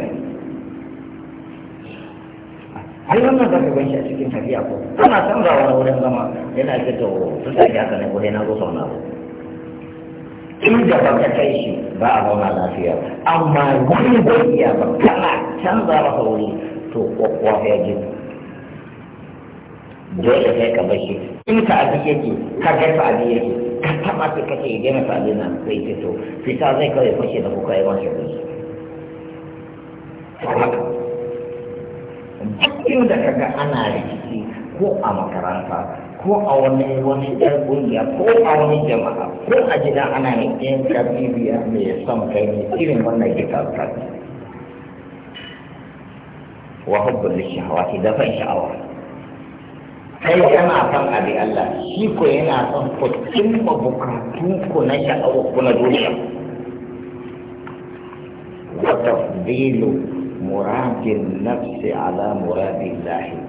ai wannan da ka shi a cikin tafiya ko kana canza wani wurin zama yana ce to sun ta ya kana ko na zo na ko inda ba ka kai shi ba a zauna lafiya amma wani wani ya ba kana canza ka wuri to kwakwa ya ji dole sai ka bashi in ka abi yake ka ga ka abi yake ka taba ta kace idan na sale na sai ce to fita zai kawai fashe da kuka yi masa kuɗi duk da kaga ana rikici ko a makaranta ko a wani wani ɗan ƙungiya ko a wani jama'a ko a gida ana yin ka bibiya mai son kai ne irin wannan ke karkar wa hubbul shahawati da fan sha'awa kai yana son abi Allah shi ko yana son ku cimma bukatun ku na sha'awar ku na duniya wa tafdilu muradin nafsi ala muradin lahi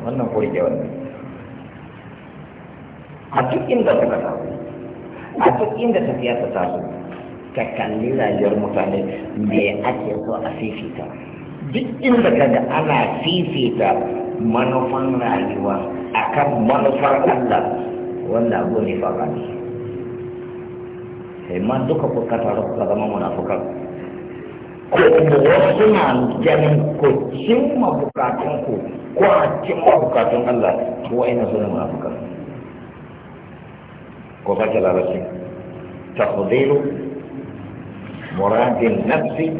wannan ko rike wannan a duk inda ka tafi a duk inda tafiya ta taso ka kalli rayuwar mutane me ake so a fifita duk inda ka ga ana fifita manufan rayuwa akan manufar Allah wanda abu ne fara ne sai man duka kuka tare kuka zama munafukan ko kuma wasu na ganin ko cimma bukatun ku ko a cimma bukatun Allah ko ina suna munafukan ko ka kira rashi takdiru muradin nafsi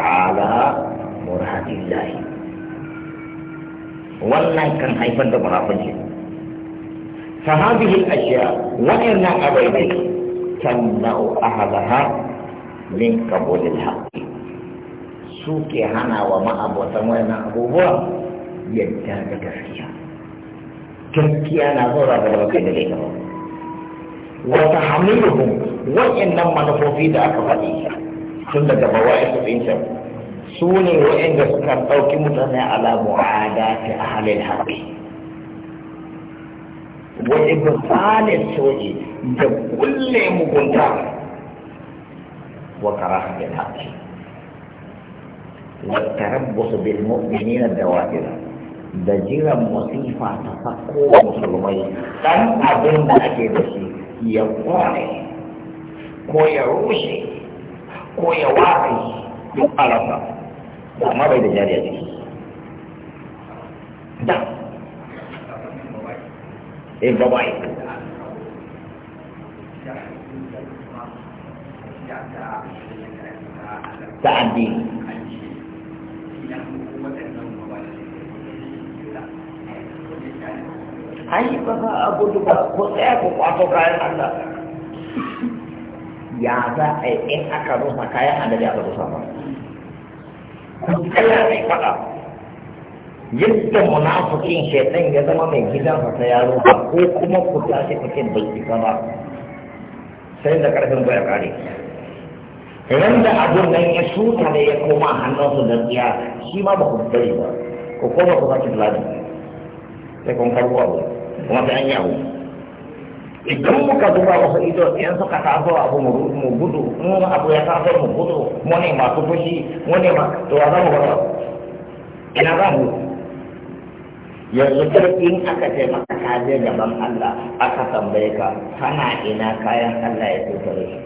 ala muradin lahi wannan kan haifar da munafunci fa hadhihi al-ashya wa'anna abaidi tamna'u ahadaha min qabul al-haqq su ke hana wa ma'abotan wannan abubuwa yadda da gaskiya gaskiya na zuwa da baka da laifi wa tahmiluhum wa'annan manufofi da aka faɗi tun daga bawai su tsinta su ne wa'inda suka ɗauki mutane ala mu'ada ta ahalin haƙi wani bisalin soji da kulle mugunta wa karahatin haƙi wa tarabbusu bil mu'minina dawa'ira da jiran masifa ta sako musulmai dan abin da ake da shi ya kone ko ya rushe ko ya waƙi duk alafa amma bai da a ciki da eh babai ta addini ai ba ko tsaya ko kwato kayan Allah ya za a yi in aka rufa kayan Allah ya aka ba ku mai faɗa yadda munafikin shaitan ya zama mai gidan ta yaro ba ko kuma ku tashi cikin bai isa ba sai da karfin baya kare ran da abun nan ya shuta ne ya koma hannunsu da tsiya shi ma ba ku bari ba ko kuma ku sake ladi sai kun karbo abu kuma sai an yi abu idan muka zuba wasu ido idan suka taso abu mu gudu mu abu ya taso mu gudu mu ne masu fushi mu ne ma to za mu gaba ina za mu yanzu in aka ce maka ka je gaban Allah aka tambaye ka kana ina kayan Allah ya tsotare shi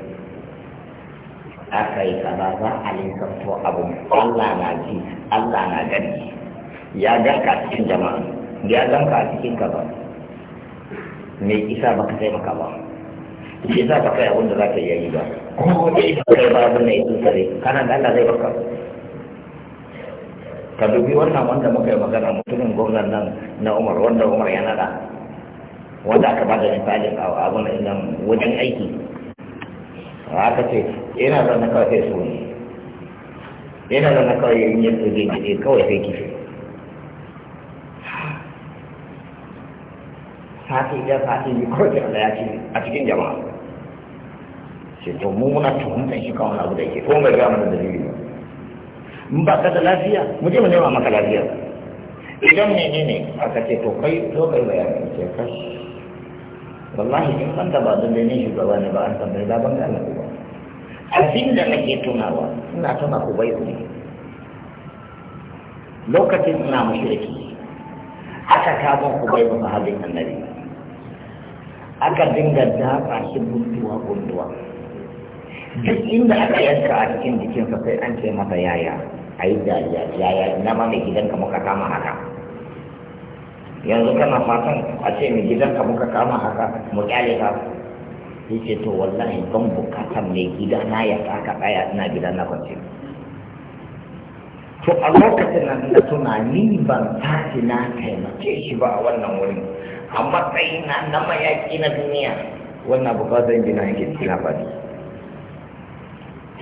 aka yi kaza za a lissanto abun Allah na ji Allah na gani ya ganka cikin jama'a ya ganka cikin kaza me isa ba ka taimaka ba shi za ka kai abin da za ka yi yayi ba ko dai ba kai ba abin da ya tsare kana da Allah zai baka ka dubi wannan wanda muka yi magana mutumin gwamnan nan na Umar wanda Umar ya nada wanda aka bada misalin a abin nan wajen aiki aka ce yana zan na kawai sai su ne yana zan na kawai yin yin tsoge kawai sai kifi fati ɗaya fati ne kawai sai Allah ya ce a cikin jama'a ce to mu muna tuhumtar shi kawai abu da yake ko mai gaya mana dalili ba in ba ka da lafiya mu je mu nema maka lafiya idan ne aka ce to kai to kai bayani ce kai wallahi in ban da ba da ne shugaba ne ba an tambayi da ban da Allah ba abin da nake tunawa ina tuna ku bai ne lokacin ina mushriki aka kama ku bai ba halin annabi aka dinga dafa shi gunduwa gunduwa duk inda aka yanka a cikin jikinsa sai an ce masa yaya a yi dariya yaya na ma mai gidanka muka kama haka yanzu kana fatan a ce mai gidanka muka kama haka mu kyale ka sai ce to wallahi ban bukatan mai gida na ya taka tsaya ina gida na kwance to a lokacin nan da tunani ban tafi na taimake shi ba a wannan wurin a matsayina na mayaƙi na duniya wannan bukatar gina yake cikin labari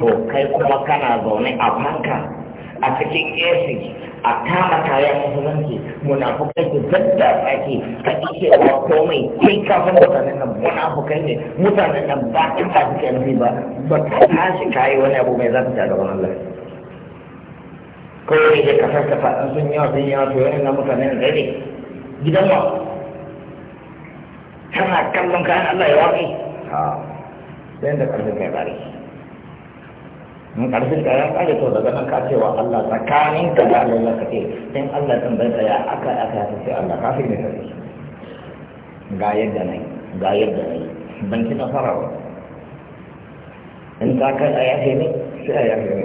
to kai kuma kana zaune a fanka a cikin esi a kama kayan musulunci munafukai su ake, tsaki ike wa komai kai kafin mutanen nan fukai ne mutanen nan ba ta ba suke nufi ba ba ta tashi kayi wani abu mai zafi ta gaban Allah kawai da ka farka faɗin sun wa sun yawa to yanayin na mutanen zai ne gidan wa kana kallon kayan Allah ya waƙi ha sai da ƙarfin kai bari in ƙarfin ka ya ƙare to daga nan ka Allah tsakanin ka da Allah ka ce sai Allah tun bai tsaya aka aka ya ce Allah kafin ne kare ga yadda nai ga yadda nai ban ci nasara ba in ka kai a yafe ne sai a yafe ne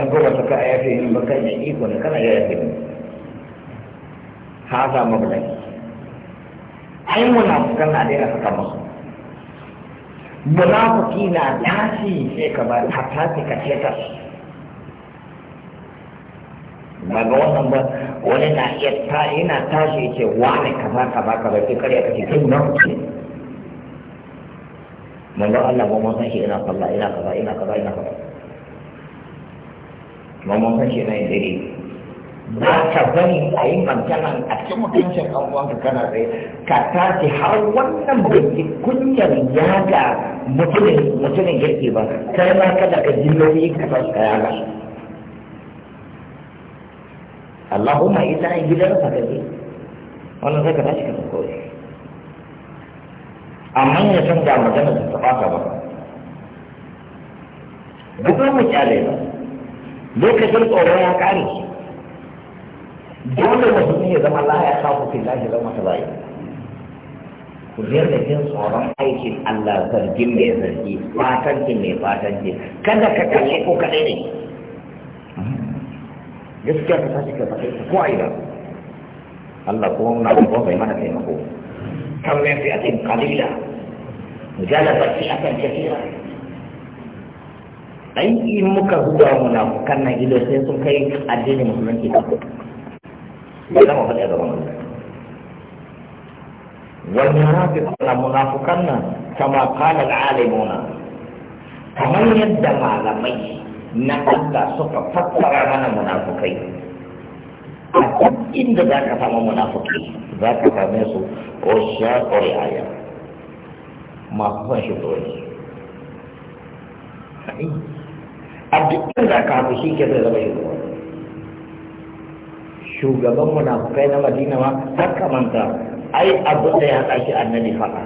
an kuma ta ka a yafe ne ba kai ne iko ne kana yafe ne ha za ai munafukan na daina saka musu munafuki na tashi sai ka ba ta tashi ka ce ta ba ga wannan ba wani na iya ta yana tashi ya ce wani ka ba ka ba ka ba ce kare ka ce kai munafuki manzo Allah ba mun san shi ina sallah ina kaza ina kaza ina kaza mun san shi ina yin dare za ka bari a yi magana a cikin mutuncin ɗan ka kana tsaye ka tashi har wannan bai kunyar ya mutumin mutumin girki ba kai ma kada ka nauyi ka tashi ka yaga Allahumma ita a gidan ka je wannan zai ka tashi ka tsako amma ya san da magana da ta fata ba duk wani kyale ba lokacin tsoro ya kare dole musulmi ya zama la ya kafu fi lahi zama ta bayi ku daina jin tsoron aikin Allah zargin mai zargi fatanci mai fatanci kada ka kalle ko kaɗai ne gaskiya ka tashi ka faɗi ko a ina Allah ko na ko bai mana taimako kawai fi atin kalila mujalaba fi akan kafira ai in muka muna kan na ido sai sun kai addinin musulunci ta ya zama faɗi a gaban Allah والمنافقون منافقان كما قال العالمون كمن يد معلمي نقد سوف فكر من منافقين أكد إن ذاك فما منافقين ذاك فما سو وشاء رعاية ما هو شكوه a duk inda ka haɗu shi ke zai zama shugaba shugaban munafukai na madina ma har manta ai abu da ya ɗaki annabi faɗa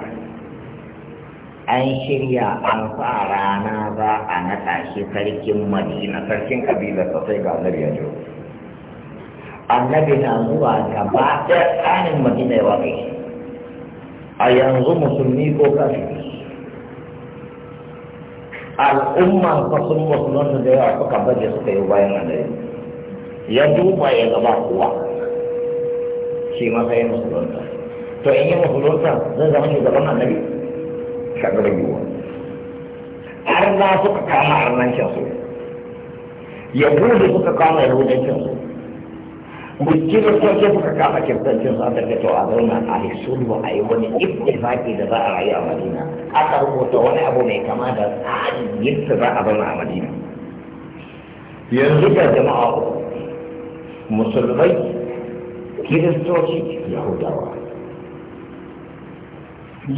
an shirya an fara rana za a naɗa shi sarkin madina sarkin kabila sa sai ga annabi ya jo annabi na zuwa gaba ɗaya tsanin madina ya waƙe a yanzu musulmi ko kafiri al'umma fa sun musulunta da yawa suka baje suka yi bayan annabi ya duba ya gaba kowa shi ma sai musulunta to in yi musulunta zai zama shugaban annabi shagaban yiwuwa har na suka kama arnancin su yahudu suka kama yahudancin su bukki da sarki suka kama kirtancin su aka kato a zauna a hisulu a yi wani ittifaki da za a rayu a madina aka rubuta wani abu mai kama da tsarin yadda za a zauna a madina yanzu da jama'a uku مصرغي كيرستوتي يهودا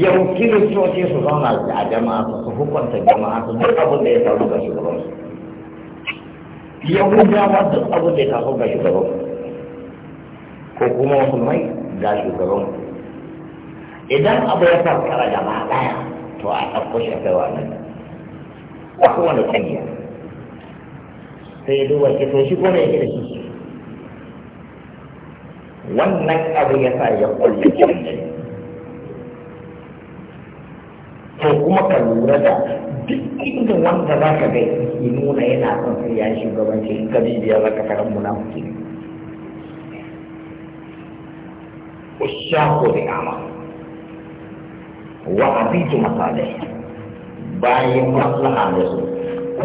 يوم كيرستوتي سوغانا جماعة حكومة جماعة دل أبو ديتا هوغا شغلون يهودا وان دل أبو ديتا هوغا شغلون حكومة سمي دا شغلون إذن أبو ديتا كرا جماعة تو أعطبو شكوانا وحوانا كنيا سيدو وكتوشي كوني كيرستوتي wannan abin ya sa ya kulle kiran da to kuma ka lura da duk inda wanda za ka gai ya nuna yana son sai ya shugabanci in ka biya za ka karan muke ushaku da ama wa abidu masalai bayan maslaha da su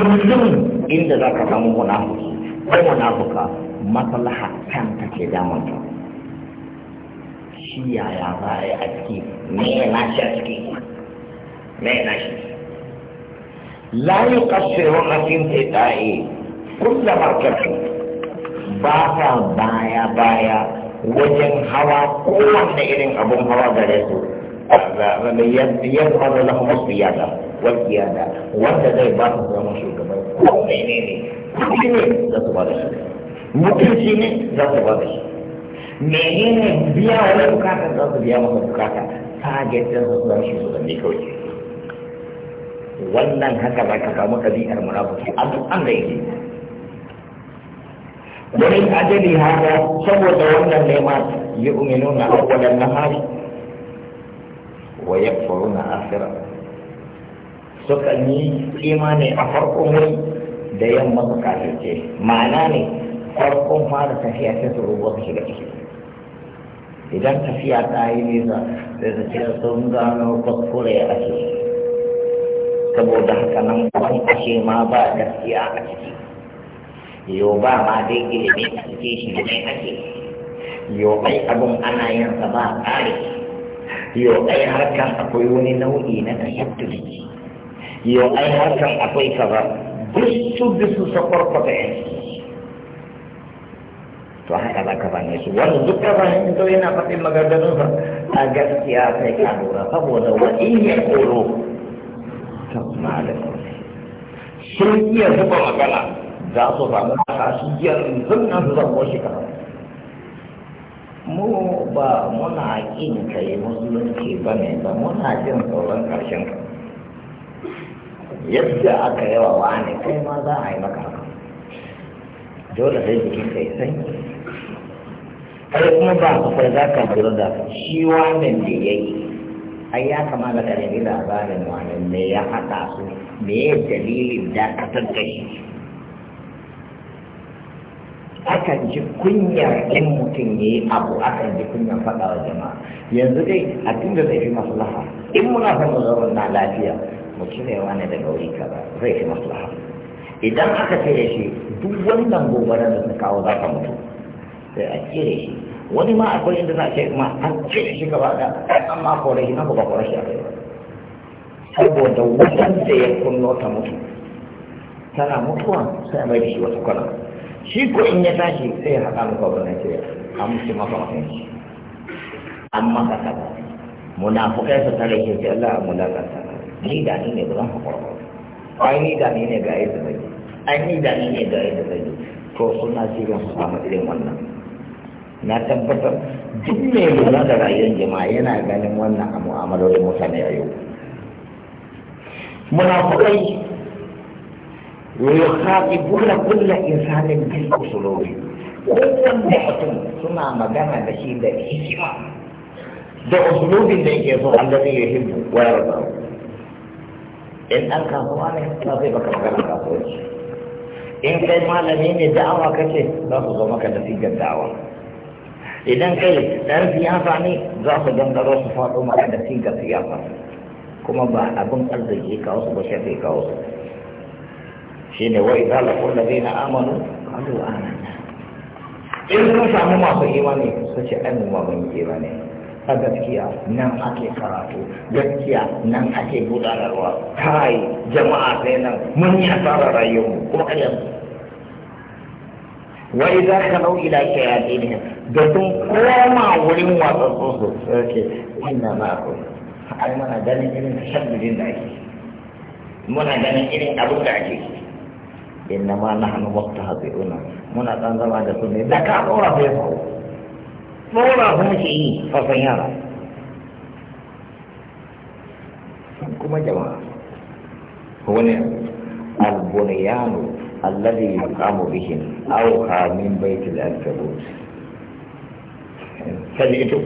kullum inda za ka samu munafuki ko munafuka maslaha kanta ke ta. shi yaya ba a yi a ciki me na shi a ciki me na shi la yi ta na fin tsaye kulla markafi ba ta baya baya wajen hawa kowanne irin abun hawa gare su yadda da kuma yada wal yada wanda zai ba su zama shugaban ko kuma ne za su ba da shi mutunci ne za su ba da shi ne biya wani bukatar za su biya masa bukata ta din su za su zanne kawai wannan haka za ka samu ɗabi'ar munafiki duk an da yake domin ajali haka saboda wannan nema ya umenu na akwalan nahari wa faru na asira. sukan yi imani a farkon wani da yamma su kafirce ma'ana ne farkon fara tafiya sai su rubuta shiga ciki idan tafiya ta yi nisa sai su ce sun gano kuskure a ciki saboda haka nan wani ashe ma ba gaskiya a ciki yau ba ma dai ilimi a ciki shi da mai ake yau ai abin ana yin sa ba tsari yau ai harkan akwai wani nau'i na tahittuli yau ai harkan akwai kaza duk su bisu sakwarkwata yanki to haka za ka same su wannan duk ka same su yana faɗin ba. a gaskiya sai ka lura saboda wa in ya koro ta kuma da sun iya zuba magana za su samu mata shi yanzu na su zama shi kafa mu ba muna kin kai musulunci ba ne ba muna jin tsoron ƙarshen ka yadda aka yawa wa ne kai ma za a yi maka haka dole sai jikin kai sanyi kai kuma ba ka kai za ka da shi wannan da ya yi ai ya kamata ka nemi labarin wannan ne ya haɗa su me ya dalilin dakatar da shi akan ji kunyar ɗin mutum ya yi abu akan ji kunyar faɗa wa jama'a yanzu dai a tunda zai fi maslaha in muna son mu na lafiya mu cire wani daga wuri kaza zai fi maslaha idan aka ce shi duk wannan gobarar da ta kawo za ka mutu sai a cire shi wani ma akwai inda za a ce ma an cire shi gaba da an ma kore shi na ba kore shi a kai saboda wanda ya kunno ta mutu tana mutuwa sai a mai da shi wata kwana shi ko in ya tashi sai ya haɗa muka ba na ce an mutu maka mafi shi an maka saba munafukai su tare shi ce Allah mulakanta ni da ni ne ba zan haƙura ba ai ni da ni ne ga yadda zai ai ni da ni ne ga yadda zai to suna cikin su samu irin wannan na tabbatar duk mai lura da rayuwar jama'a yana ganin wannan a mu'amalolin mutane a yau Muna haɗi munafukai ويخاطبون كل إنسان بالأسلوب kowanne mutum suna magana da shi da hikima da usulubin da yake so Allah zai yi wa yarda in ɗan kasuwa ne ba zai baka magana kasuwanci in kai malami ne da'awa kace za su zo maka da sigar da'awa idan kai ɗan siyasa ne za su gangaro su faɗo maka da siga siyasa kuma ba abin arziki kawo su ba shafe kawo su shi ne wa idza laqul ladina amanu qalu amanna in sun samu masu imani su ce ai mu ma mun ne. a gaskiya nan ake karatu gaskiya nan ake gudanarwa kai jama'a sai nan mun yi asarar rayuwar kuma kayan وإذا كانوا إلى شياطينهم دتم كوما ولم وتصوصوا إنا معكم أي منا دانين إلين تشبه جن دعيك منا دانين إلين أبو دعيك إنما نحن مستهزئون منا تنظم هذا سنة ذكاء أورا بيفعو أورا هم شيء فسيارة كما جماعة هو البنيان الذي يقام بهم أوحى من بيت الأنكبوت ito.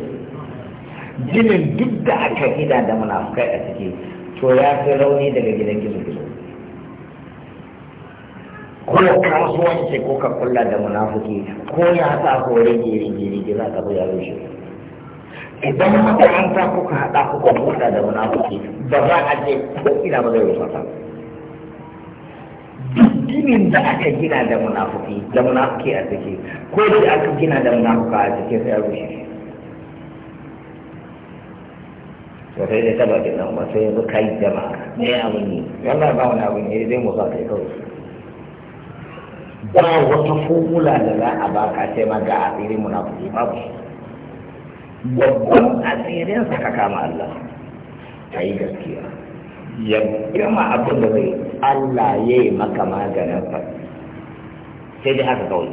jinin duk da aka gida da munafukai a ciki to ya fi rauni daga gidan gizo-gizo ko kasuwanci ko ka kulla da munafuki ko ya sa ko rage rige-rige za ka ya rushe idan makaranta kuka haɗa kuka buɗa da munafuki ba za a je ko ina ba zai rufa ginin da aka gina da munafuki da munafuki a ciki ko da aka gina da munafuka a ciki sai a rushe to sai da taba da nan wasu yanzu kai jama'a ne abin ne yana ba wani abin ne zai mu ba kai kawai ba wata formula da za a baka sai ma ga asirin munafuki babu babban asirin sa ka kama Allah ta yi gaskiya ya gama abin da zai Allah ya yi maka maganin fa sai dai haka kawai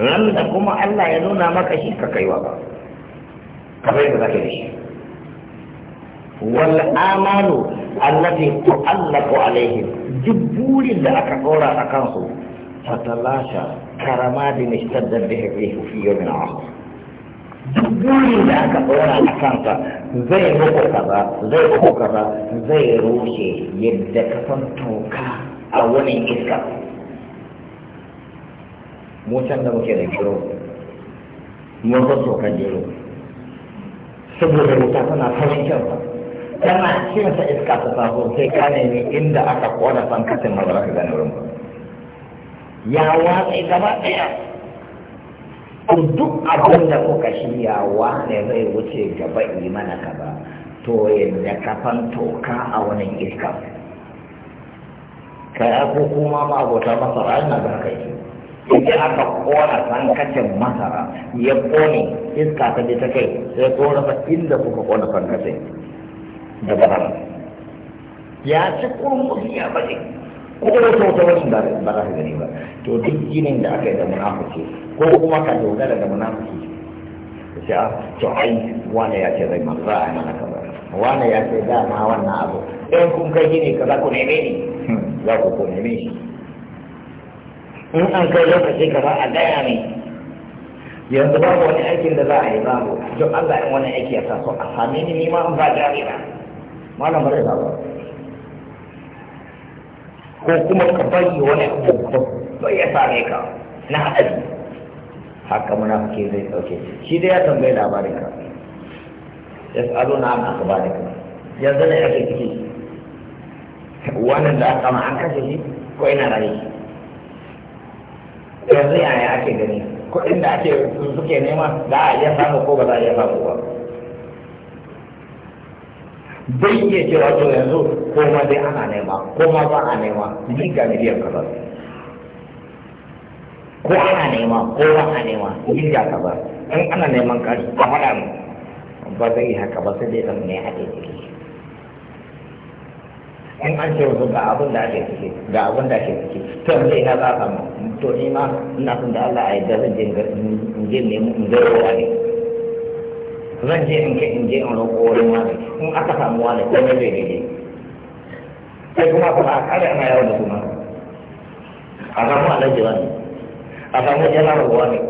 ran da kuma Allah ya nuna maka shi ka kaiwa ba ka bai da zaka yi shi wal amanu allati tu'allaqu alayhi duk da aka kora akan su fatalasha karama da nishtadda bihi fi yawmin akhir duk da aka ɗora a kansa zai rufe kaza zai rufe kaza zai rushe yadda kafan toka a wani iska mutan da muke da kiro mun san tokan jero saboda wuta tana fashin kyansa tana sa iska ta taso sai ka nemi inda aka ƙona san katin ma ka gane wurin ba ya watsa gaba ɗaya ko duk abin da kuka shirya wa ne zai wuce gaba imana ka ba to yadda kafan toka a wani iska ya ko kuma ma abota masara yana da haka yi idan aka kona masara ya kone iska ta je ta kai sai kona ba inda kuka kona sankacin da ba ya ci kurmuzi ya baje ko da wata da ba za ka gani ba to duk ginin da aka yi da munafiki ko kuma ka dogara da munafiki sai a ah, to ai wane ya ce zai manzo a mana kaza wane ya ce da ma wannan abu in kun kai gini kaza ku neme ni za ku ku neme shi in an kai lokaci kaza a gaya ne yanzu babu wani aikin da za a yi babu don Allah in wani aiki ya sa so a same ni ni ma in ba jari na malam bare ba ko kuma ka bari wani abu ba ya same ka na haɗari haka ke zai ɗauke shi dai ya tambayi labarin ka ya tsaro na ana ka yanzu ne ake ciki wannan da aka ma an kashe shi ko ina rayu yanzu yaya ake gani Ko inda ake suke nema da a iya samu ko ba za a iya samu ba bai iya cewa to yanzu ko ma dai ana nema ko ma ba a nema ni ga miliyan kaza ko ana nema ko ba a nema ni ga kaza in ana neman kashi a faɗa mu ba zai haka ba sai dai zan ne ake ciki in an ce wasu ga abin da ake ciki ga abin da ake ciki to ne na za ka mu to ni ma ina son da Allah yi da zan je in je nemo in ne zan je in ke in je in roƙo wurin wani in aka samu wani ne zai daidai sai kuma kuma a kare ana yawon da kuma a samu alaji wani a samu jalar wani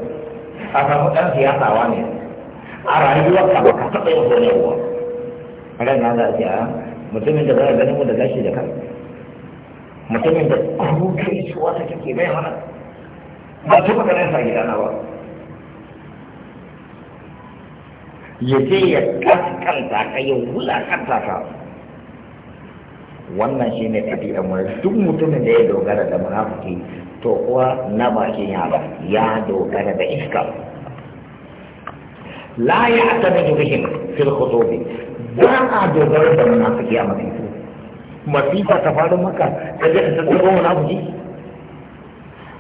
a samu ɗan siyasa wani a rayuwa ka ka taɓa yin wani uwa ran na zaci a ah, mutumin da zai ganin mu da gashi da kan mutumin da kuma kai wata ta kake bai mana ba ta maganin sa gidana ba ya je ya kaskanta ka ya wulakanta ta. wannan shi ne ɗabi'ar mura duk mutumin da ya dogara da munafiki to kuwa na bakin yara ya dogara da iska la ya ta da jirgin filkotobi ba a dogara da munafiki a masifu masifa ta faru maka ka je ka tsaro munafiki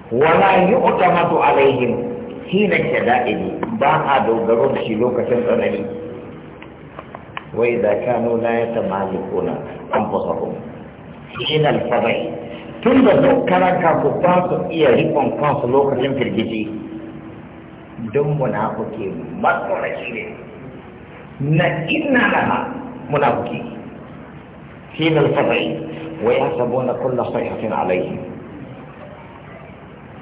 wala yu'tamadu alaihim hina shada'idi ba a dogaro da shi lokacin tsanani wai da kano na ya tama likuna an fasa ku shin alfarai tun da karan kansu ba su iya rikon kansu lokacin firgici don muna munafuki shi ne na ina da munafuki shin alfarai wai ya sabo na kulla sai hasin alaihi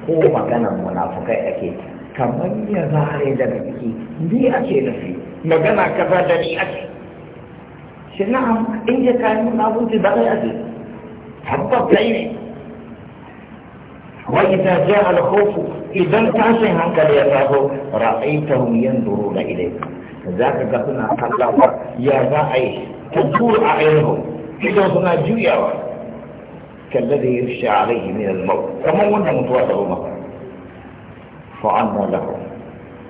ko maganar munafukai ake ta kamar ya zare daga ciki ni ake nufi magana kaza da ni ake shi na'am in ya kayan munafunci da zai ake tabbas da ne وإذا جاء الخوف إذا تاسي هنك ليتاه رأيتهم ينظرون إليك ذاك قطنا قال يا رأي تدور أعينهم إذا صنع جويا كالذي يخشى عليه من الموت كما وانا متواته مقر fa'annu lahu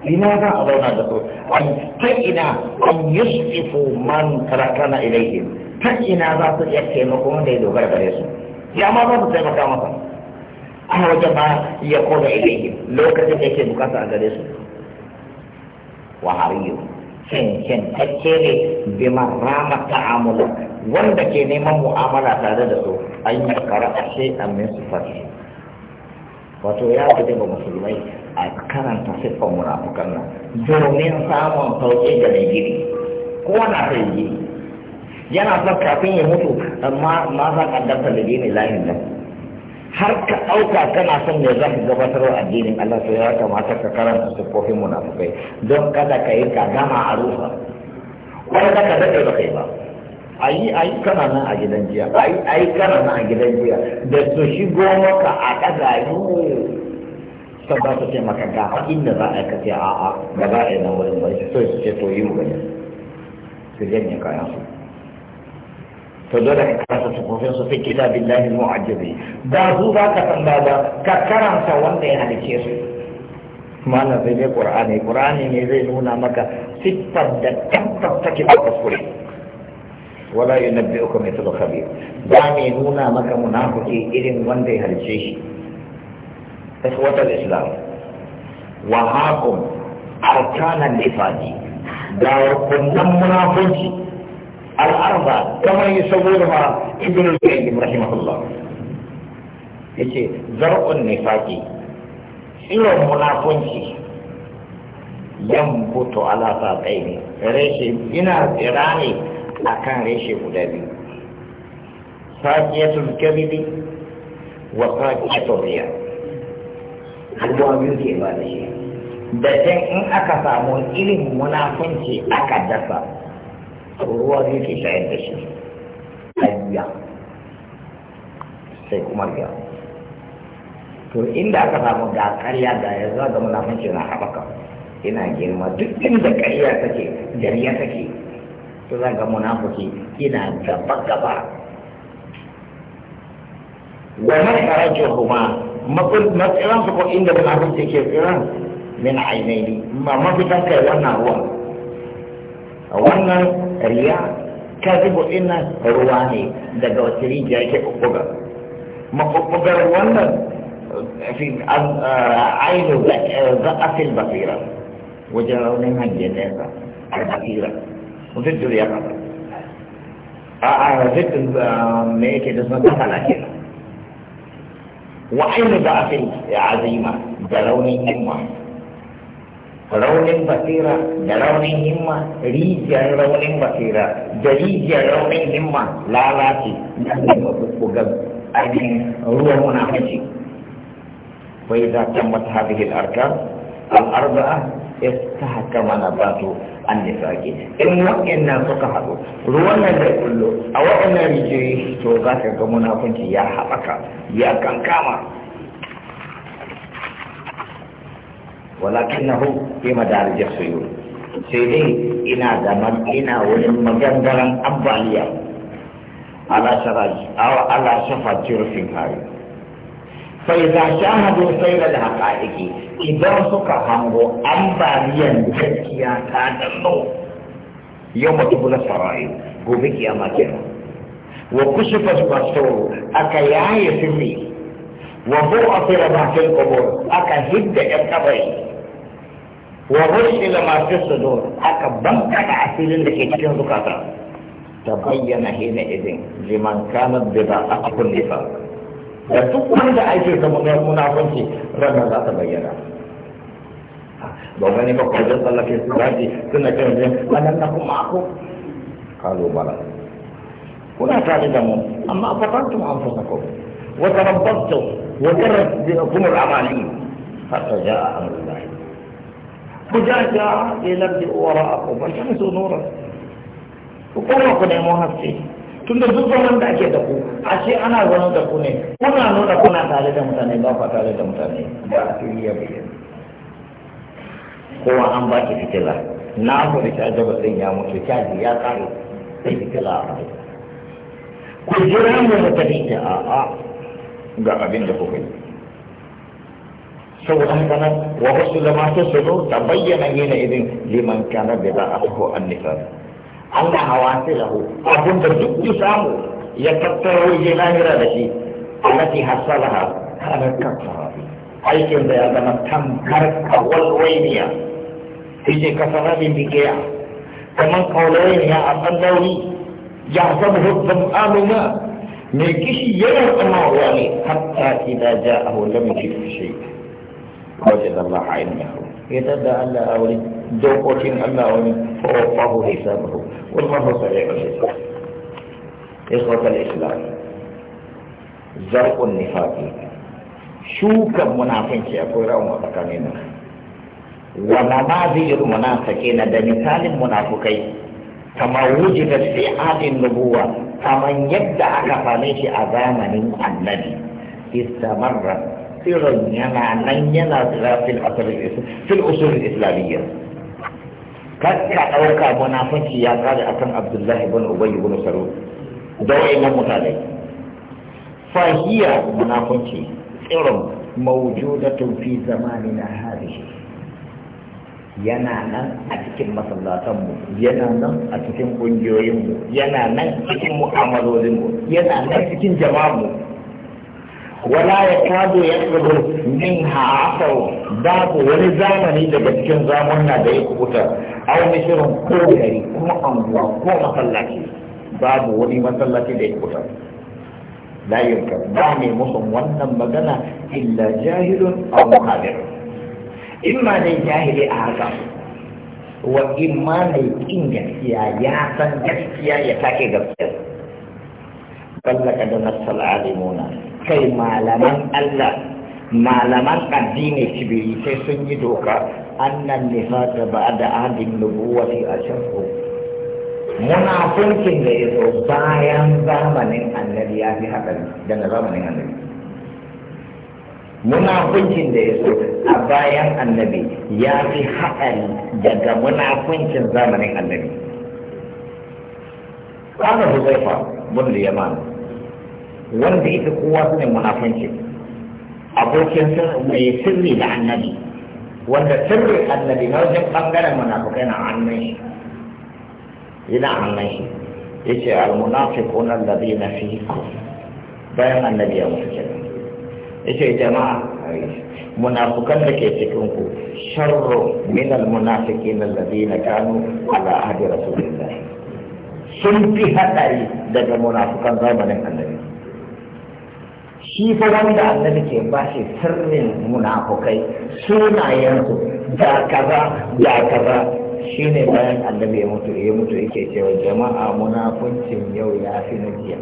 ina za a da su an ta ina an yusufu man tarakana ilaihi ta ina za su iya taimako wanda ya dogara gare su ya ma za su taimaka masa a wajen ba ya koda ilaihi lokacin da yake bukata a gare su wa hariyu shin shin tacce ne bi marama ta'amula wanda ke neman mu'amala tare da su an yi kara a sai amin su fasi wato ya fi ba musulmai a karanta siffar munafukan nan domin samun sauƙi ga mai gini ko na ta yi yana son kafin ya mutu amma ma san ka da gini layin nan har ka ɗauka kana son ya gabatar gabatarwa addinin Allah sai ya kamata ka karanta siffofin munafukai don kada ka yi ka gama a rufa wanda ka daɗe ba kai ba a yi a yi kana nan a gidan jiya a yi a yi kana nan a gidan jiya da su shigo maka a ɗaga yi sun ba su ce maka ga inda za a yi kace a a ba za a yi nan wurin ba su su ce to yi mu gani su janye kayan su to dole ka karanta sufofin su fi kita billahi mu'ajjibi ba su ba ka san ba ka karanta wanda ya halice su malam sai ne qur'ani qur'ani ne zai nuna maka siffar da tabbata take ba kuskure wala yunabbi'uka mithlu khabir ba mai nuna maka munafiki irin wanda ya halice shi ikhwatul islam wa hakum arkanan nifaqi da kunnan munafiki al-arba kama ma ibn al-qayyim rahimahullah yace zar'un nifaqi tsiron munafunci yan buto ala sa tsaye reshe ina tsira ne akan reshe guda biyu saqiyatul kabibi wa saqiyatul riya abuwa biyu ke ba da shi da can in aka samu ilin munafunci aka dasa ruwa biyu ke shayar da shi biya sai kuma riya to inda aka samu ga karya ga yanzu ga munafunci na haɓaka ina girma duk inda ƙarya take jariya take to za ga munafiki ina gaba gaba wa man kharajahuma matsiran su ko inda munafiki ke tsiran min ainihi ma mafitan kai wannan ruwan wannan riya kazibu ina ruwa ne daga wata rijiya yake kukkuga makukkugar wannan za a za'afin basira wajen raunin hanyar nesa a basira mutum ya kafa a a rajin me yake da sun kafa lafiya wa'ainu da fi ya azima da raunin himma raunin basira da raunin himma rijiyar raunin basira da rijiyar raunin himma lalace da kuma kukugan ainihin ruwan munafaci wai za ta mata hadihil arkan al'arba'a istahkama nabatu an ke. in na suka haɗu ruwan nan da kullo a waɗannan rijiyoyi to za ka ga munafunci ya haɓaka ya kankama na hau walakinahu da madarijis suyur sai dai ina da ina wani magandaran ambaliya ala shafa jirfin hari sai za shi an sai da haƙaƙi idan suka hango an ba miyan gaskiya ta dallo yau ma tubu gobe ki yamma wa kusa ka aka yaye su ne a fi da masu aka hidda ƴan ƙabai wa bo da masu su aka banka da asirin da ke cikin zukata ta bayyana hina izin liman kanar da ba a kunne ba da duk wanda ake zama samun munafunci ranar za ta bayyana ba wani ba kwajen tsallake su daji suna kiran jin wannan na kuma ako kalu bala kuna tare da mu amma fatantum anfusakum wa tarabbatum wa tarabbatum al-amali hatta jaa amrullah kujaja ila bi wara'akum wa tamsu nuran ku kuma ku nemo haske tunda duk zaman da ake da ku a ce ana zaune da ku ne kuna nuna kuna tare da mutane ba ku tare da mutane ba a fili ya bayyana kowa an ba ki fitila na ku da caji ba sai ya mutu caji ya kare sai fitila a kai ku jira mu da tafi ta a a ga abin da kuka yi saboda an nan wa wasu da masu sunu ta bayyana yana irin liman kana da za a fito an Allah hawasilahu abin da duk ya samu ya tattaro ya lahira da shi allati hasalaha kana kafawa aikin da ya zama tamkar kawal wainiya yake kasara bin bikiya kamar kaulawainiya a tsallauri ya zama hudun amina mai kishi yana tsama ruwa ne hatta ila ja'ahu lam yakif shay wajada Allah ilmahu yadda Allah aure dokokin Allah wani da fawafahu hisabahu wallahu ya hisab da islam Zarkun nifafi shukan munafinci akwai rawan tsakanin nan wa namazir na da misalin munafukai kama wujidat fi adin nubuwa kama yadda aka same shi a zamanin annabi istamarra sirrin yana nan yana fil usul fil usul islamiyya kakka ɗaurka munafiki ya kare akan abdullahi bin ubayy bin salul da nan mutane fahiya munafiki tsirin mawjudatun fi zamanina hadhihi yana nan a cikin masallatanmu yana nan a cikin ƙungiyoyinmu yana nan cikin mu'amalolinmu yana nan cikin jama'armu wala ya kado ya tsibir min ha'afau babu wani zamani daga cikin zamunna da ya kubuta au mishirin ko gari ko anguwa ko masallaci babu wani masallaci da ya kubuta la yurka ba ne musun wannan magana illa jahilun aw muhadir imma ne jahili a haka wa imma ne kin gaskiya ya san gaskiya ya take gaskiya ballaka da nasal alimuna kai malaman Allah malaman addini kibiri sai sun yi doka annan nifata ba da ahadin nubuwati a can munafincin da ya zo bayan zamanin annabi ya fi haɗari daga zamanin annabi munafincin da ya zo a bayan annabi ya fi haɗari daga munafincin zamanin annabi ƙwanar huzaifa mun da yamanu wanda yake kowa sanin munafanci abokin mai sirri da annabi wanda sirri annabi na wajen bangaren munafukai na hannun shi yana hannun shi yace almunafiqun alladhina fiikum bayan annabi ya mutu kenan yace jama'a munafukan da ke cikin ku sharru min almunafiqin alladhina kanu ala ahdi rasulillah sun fi hadari daga munafukan zamanin annabi shi fa wanda annabi ke ba shi sirrin munafukai sunayensu da kaza da kaza shine bayan annabi ya mutu ya mutu yake cewa jama'a munafuncin yau ya fi na jiya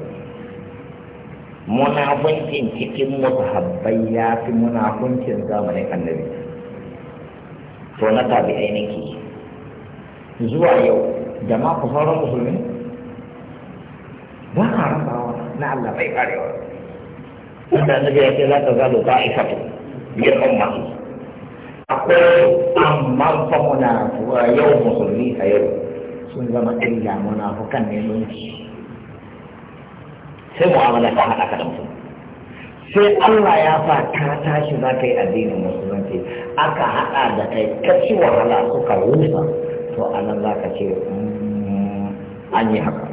munafuncin cikin mutahabbai ya fi munafuncin zamanin annabi to na tabi ainihi zuwa yau jama'a ku sauran musulmi ba a rabawa na Allah bai karewa tunda annabi ya ce za ka zalo ta aikatu biyar ummati akwai amma fa muna yau musulmi a yau sun zama illa munafukan ne mun sai mu'amala ta haɗa ka da mutum sai Allah ya sa ka tashi za ka yi addinin musulunci aka haɗa da kai ka ci wahala suka rusa to anan za ka ce an yi haka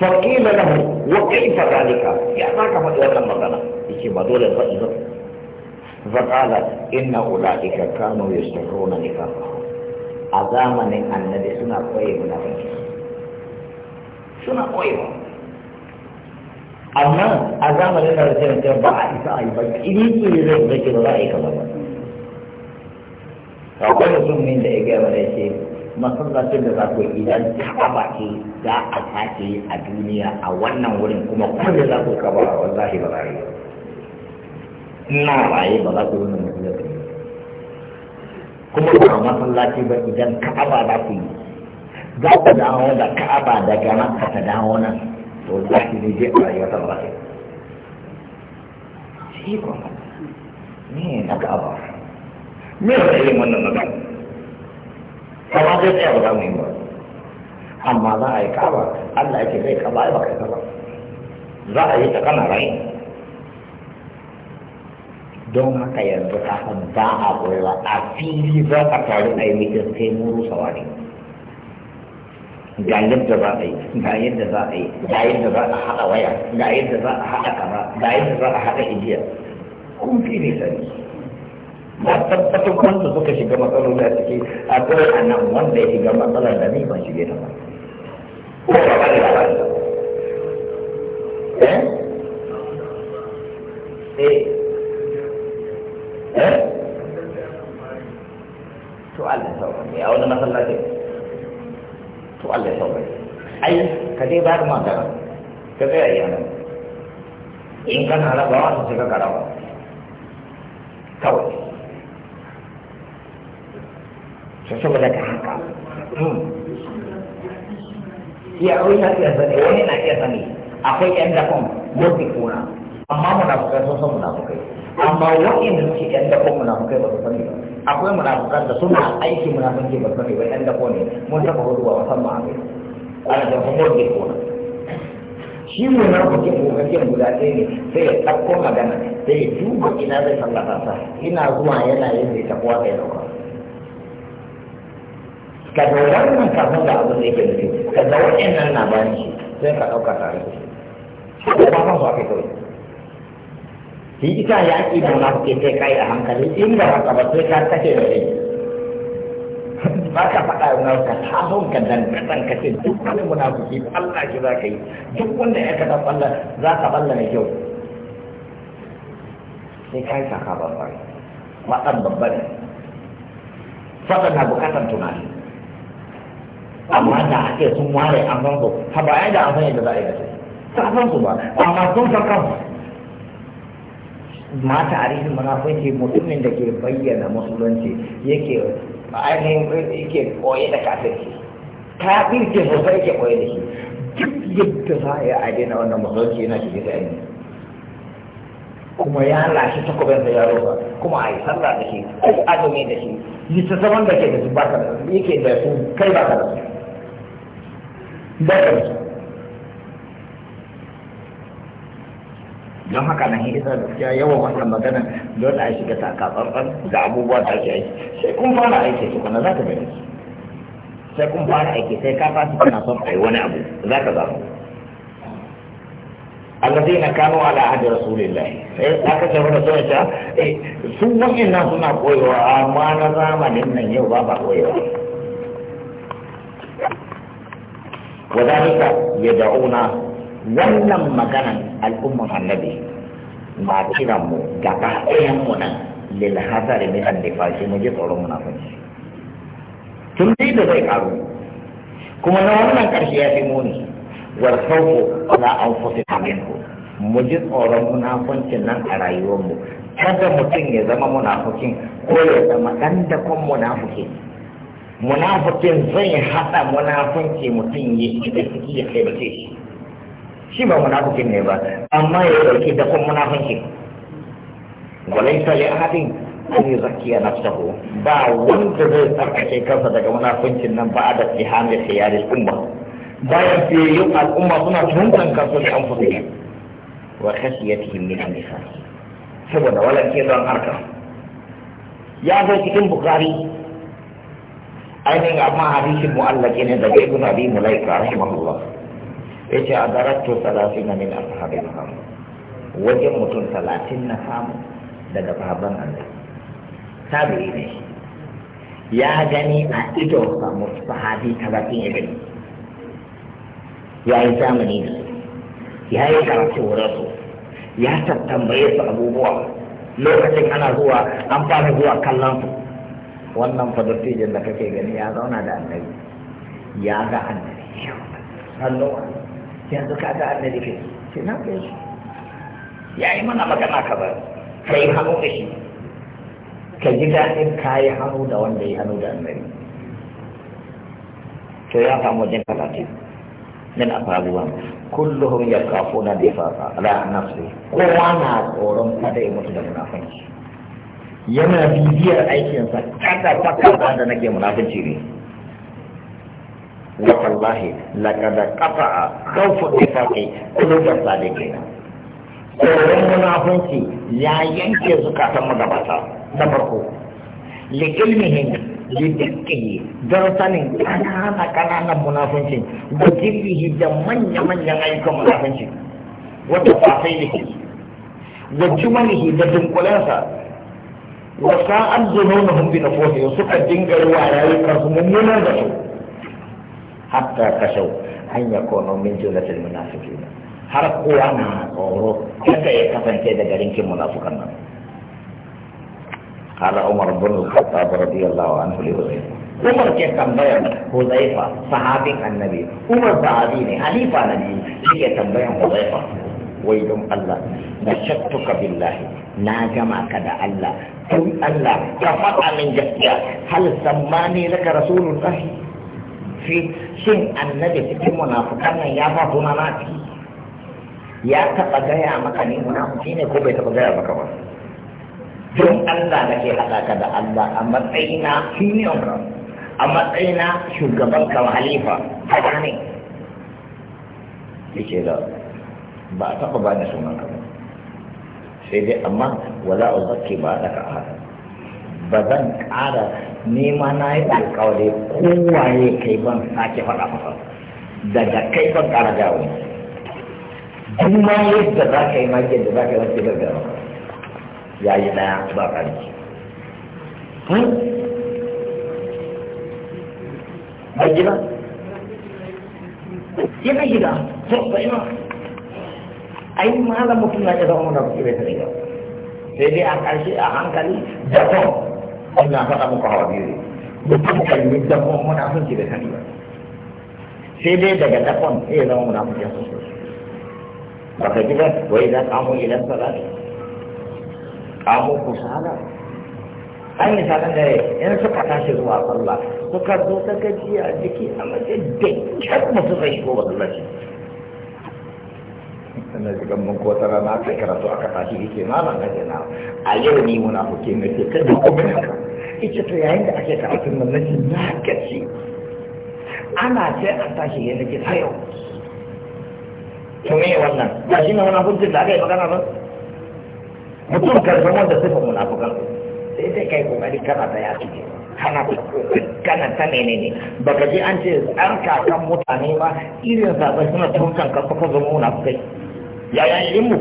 فقيل له وكيف ذلك يا ذاك فدوات المغنى يجي بدول الفائزة فقال إن أولئك كانوا يستحرون نفاقهم أزامن النبي سنة طيب نفسه سنة طيبة amma a zamanin da rajin ta ba a isa a yi ba idan su yi zai zai ba za a yi kamar ba akwai mutum ne da ya gaya mana ce masallacin da za ku yi idan kaba ce za a sake a duniya a wannan wurin kuma kuma za ku kaba a wallahi ba rayu ina raye ba za ku yi wannan masallaci kuma ba masallaci ba idan kaba za ku yi za ku dawo da kaba daga nan ka ta dawo nan to za ki ne je a rayuwar ta ba shi ko ne na kaba me ne wannan magana kama zai tsaya ba za mu yi ba amma za a yi kaba Allah yake zai kaba ai baka kaba za a yi ta kana rai don haka yanzu ta san ba a koyewa a fili za a taru a yi mitin sai mu rusa wani ga yadda za a yi ga yadda za a yi ga yadda za a haɗa waya ga yadda za a haɗa kama ga yadda za a haɗa igiya kun fi ne sani na tabbatar wanda suka shiga matsaloli a ciki a kawai a nan wanda ya shiga matsalar da ni ban shige ta ba ko ba ba da eh? ba eh eh to Allah sauka ne a wani masallaci to Allah sauka ai ka dai ba ma da ka ga yana in kana rabawa su shiga karawa kawai to saboda ka haka hmm. ya wani na iya sani wani na iya sani akwai yan dakon gobe kuna amma munafukai sun san munafukai amma wani wa'inda suke yan dakon munafukai ba su sani ba akwai munafukan da suna aiki munafukai ba su sani ba yan dakon ne mun taɓa huduwa musamman a kai ana da kuma gobe kuna shi ne na hukin hukakin guda ɗaya ne sai ya ɗauko magana sai ya duba ina zai sallata sa ina zuwa yana yin zai kai zai ɗauka ka ga wannan kafin da abin da yake nufi ka ga wa'annan na bayan shi sai ka ɗauka tare da shi ba ma su ake kawai shi ita yaƙi da ma suke sai kai a hankali in ba ka ba sai ka kashe da rai ba ka faɗa wa nan ka taho ka dankaɗan ka ce duk wani munafiki Allah shi za ka yi duk wanda ya ka balla za ka balla mai kyau sai ka yi saka babban matsan babban faɗan na bukatar tunani amma da ake sun ware an san su ha ba yadda an san yadda za a yi da su ta san su ba amma sun san kan ma tarihin munafiki mutumin da ke bayyana musulunci yake ainihin yake koye da kafirci kafirci sosai yake koye da shi duk yadda za a yi a daina wannan musulunci yana shi da yanzu kuma ya lashe takobin da ya roba kuma a yi sallah da shi ko azumi da shi zaman da ke da su ba ka da su yake da su kai ba ka da su dakarsu don haka nan isa gaskiya yawan wannan magana dole a shiga takatsantsan da abubuwa da ake aiki sai kun fara aiki su kana za ka gani sai kun fara aiki sai ka fasi kana son a yi wani abu za ka zama allazi na kano ala ahdi rasulillah eh, sai aka ce wani sai eh, ta su wa'annan suna koyewa amma na zamanin nan yau ba ba koyewa wa ya yad'una wannan maganan al'ummar annabi ma kiran mu gaba ɗayan mu nan lil hazari min annifashi mu ji tsoron munafiki tun dai da zai karu kuma na wannan ƙarshe ya fi muni na an ala anfusina ku mu ji tsoron munafuncin nan a rayuwar mu, kada mutum ya zama munafukin ko ya zama ɗan dakon munafukin munafikin zai haɗa munafunci mutum ya ci da ciki ya kai bace shi shi ba munafikin ne ba amma ya ɗauki da kun munafunci walaita yi ahadin an yi zakiya nafsahu ba wanda zai tsarkake kansa daga munafuncin nan ba a da tihamil khiyaril umma bayan fiyayyun al'umma suna tuntan kansu da an fusi wa khashiyatihim min an-nifaq saboda wala ke don harka ya zo cikin bukari ainihin amma hadisin mu'allaki ne daga ibn abi mulaika rahimahullah yace a darakto talatin min ashabil ham wajen mutum talatin na samu daga baban Allah tabi'i ne ya gani a ido samu sahabi talatin ya gani ya yi zamani da ya yi karatu wurin ya tattambaye su abubuwa lokacin ana zuwa an fara zuwa kallon su wannan fadattijin da kake gani ya zauna da annabi ya ga annabi sallowa yanzu ka ga annabi ke ce na ga shi ya yi mana magana ka ba ka yi hannu da shi ka ji daɗin ka yi hannu da wanda ya hannu da annabi to ya samu wajen talatin min asabuwan kulluhum yakafuna difaqa ala nafsi kowa na tsoron kada ya mutu da munafanci yana bibiyar aikinsa kada ta kada da nake munafici ne wa wallahi laqad qata khawfu ittifaqi kullu sadiqina Tsoron munafunci ya yanke zukatan magabata na farko. li lidikki don sanin kana kananan munafici da jirgihi da manya-manyan ayyukan munafici Wata fafai da ke, da jumalihi da dunkulensa وساءت ظنونهم بنفوسهم أنهم دنجر وعيالك مؤمنا بشو حتى أنهم أن يكونوا من جملة المنافقين أنهم عنها قولوا كيف يكفن كيدا أنهم منافقا قال عمر بن الخطاب رضي الله عنه لحذيفة عمر كيف تنبين حذيفة صحابي النبي عمر صحابي حليفة النبي كيف تنبين حذيفة ويلم الله نشدتك بالله na gama ka da Allah tun Allah ka faɗa min gaskiya hal sammani laka rasulullah fi shin annabi cikin munafukan nan ya fa kuma na ci ya taɓa gaya maka ne munafuki ne ko bai taɓa gaya maka ba don Allah nake haɗa ka da Allah a matsayina senior ka a matsayina shugaban ka halifa haka ne yake da ba a taɓa ba da sunan ka sai dai amma wala uzakki ba da ka hada ba zan ƙara nema na yi alƙawari kowaye kai ban sake faɗa masa daga kai ban ƙara dawo duk ma yadda za ka yi ma yadda za ka yi wasu yadda ba ya yi ɗaya ba ƙari ba gida yana gida ba ina ai malam mutum na iya zama mana kuke bai tare ba sai dai a ƙarshe a hankali da kan ina faɗa muku hawa biyu ne mutum kalmi da kuma muna son bai tare ba sai dai daga dakon iya zama muna kuke sosai ba ka ji ba wai za ka mu idan salati kamo kusala an yi sanar da yan suka zuwa sallah suka zo ta gajiya jiki a mace da kyar mutum zai shigo sannan shiga mun ko ta rana aka karatu aka tashi yake malam na jina a yau ni muna hukin na ce kada ku bin haka ita to yayin da ake karatun nan nake na gaci ana ce a tashi ya nake ta yau to me wannan ba shi ne munafukin da aka yi magana ba mutum karfin wanda suka munafukan sai dai kai kokari kana ta yaki ce kana kana ta menene baka ji an ce an kakan mutane ba irin zaɓe suna tunkan ka kuka zama munafukai Yaya ilmu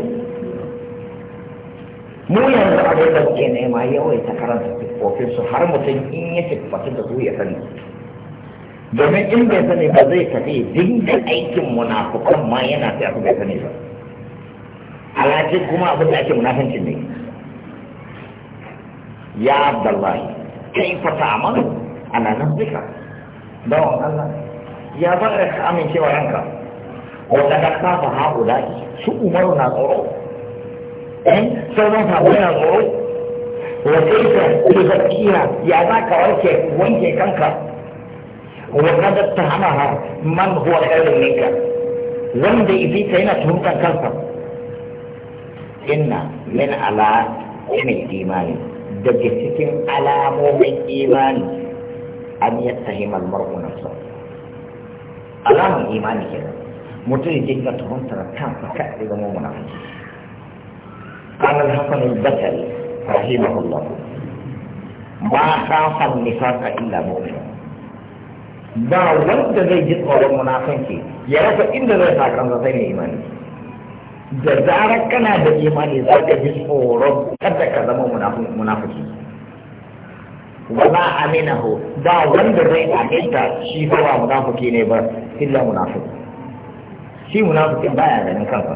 mu yanzu abin da ke nema yawai yawaita karanta siffofin su har mutum in ya siffatu da su ya sani domin in bai sani ba zai tafi dinga aikin munafukan ma yana sai bai sani ba alhaji kuma abin da ake munafancin ne ya abdullahi kai fata amanu ana nan zika bawan allah ya bar ka amincewa yanka wata ka kafa haƙuda Eh, su Umar na tsoro ɗan sauran sabai na tsoro wasaita tuzakkiya ya za ka wanke wanke kanka wa kada ta hana ha man huwa khairun ninka wanda ibi ta yana tuhumtar kansa inna min ala min imani daga cikin alamomin imani an yi tsahimar maru nafsa alamun imani kenan mutum ya dinga tuhuntar kansa kaɗai zama munafiki قال الحسن البصري رحمه ba ما خاف النفاق illa مؤمن ba wanda zai ji tsoron munafanci ya rasa inda zai sa kansa sai ne imani da zarar kana da imani za ka ji tsoron kada ka zama munafiki Wana ba aminahu ba wanda zai aminta shi kowa munafiki ne ba illa munafiki shi munafikin baya ganin kansa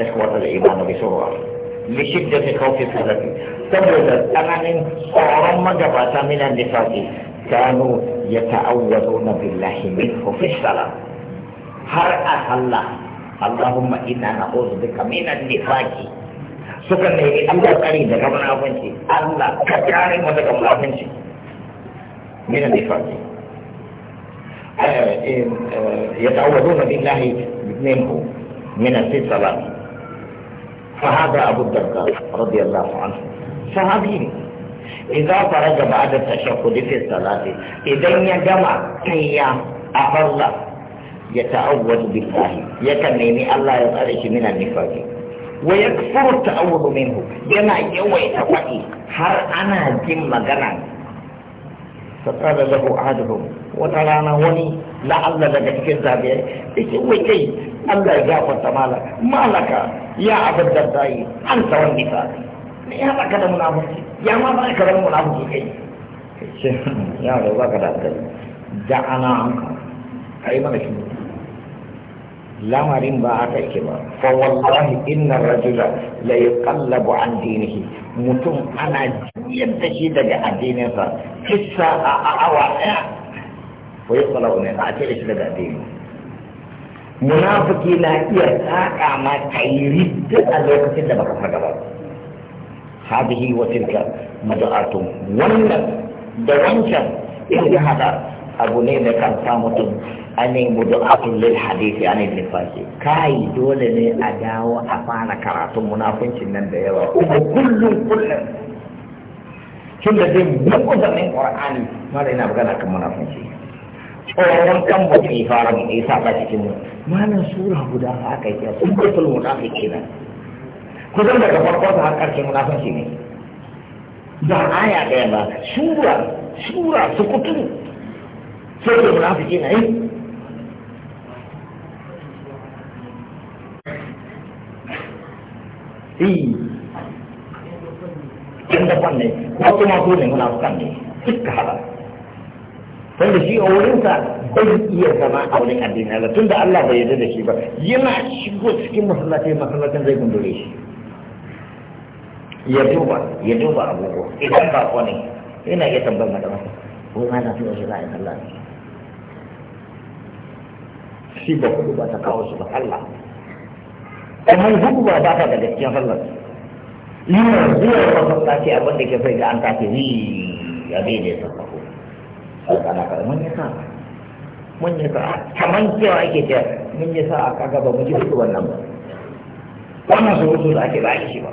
ikhwatul iman bi surwa li shiddati khawfi salati saboda tsananin tsoron magabata minan da nifaqi kanu yata'awwaduna billahi minhu fi salat har a sallah Allahumma inna na'udhu bika minan nifaqi suka nemi Allah kare daga munafinci Allah ka kare mu daga munafinci minan nifaqi آه، آه، يتعوذون بالله منه من الصلاة فهذا أبو الدرداء رضي الله عنه صحابي إذا فرج بعد التشهد في الصلاة إذا يجمع هي أفضل يتعوذ بالله يكنني الله يخرج من النفاق ويكفر التعوذ منه جمع يوي يتوحي هل أنا جم جنا فقال له أحدهم wata rana wani la'alla daga cikin tabi'ai ita wai kai Allah ya gafarta mala malaka ya abin da yi. an tsawon nisa me ya baka da munafiki ya ma ba ka da munafiki kai ya ba ba ka da kai. da ana an hanka kai mana shi lamarin ba aka yake ba fa wallahi inna rajula la yuqallabu an dinihi mutum ana juyar da shi daga addininsa kissa a awa ɗaya ko yi kwalau ne a ce da shi daga addini munafiki na iya tsaka ma kairi duk a lokacin da baka faga ba hadihi wa tilka madu'atun wannan da wancan in ya hada abu ne da kan sa mutum ainihin mudu'atun lil hadisi ainihin nifasi kai dole ne a dawo a fara karatun munafincin nan da yawa kuma kullum kullum tun da zai mukusa min qur'ani mara ina magana kan munafunci. tsoron kan ba ke fara mu isa ba cikin mu malam sura guda aka yi sun ce sul munafiki nan kusan daga farko ta har karshen munafiki ne ba aya ɗaya ba sura sura su kutu sai da munafiki na yi Eh, yan daban ne, wasu masu ne munafukan ne, duk halar. tunda shi a wurinsa bai iya zama a wani addini Allah tunda Allah bai yarda da shi ba yana shigo cikin masallatai masallacin zai gundure shi ya duba ya duba abubuwa idan ba kwani yana iya tambayar mata masa ko ma na so shi ba in Allah shi ba kudu ba ta kawo shi ba Allah kamar hudu ba ba ta da gaskiyar Allah yana zuwa masallaci abin da ke sai ga an tafi yi ya bai da ya sallah kankana kada mun yi mun yasa sa kamar cewa ake ce mun yasa a kaga ba mu ji hudu wannan ba wannan surutu da ake ba a shi ba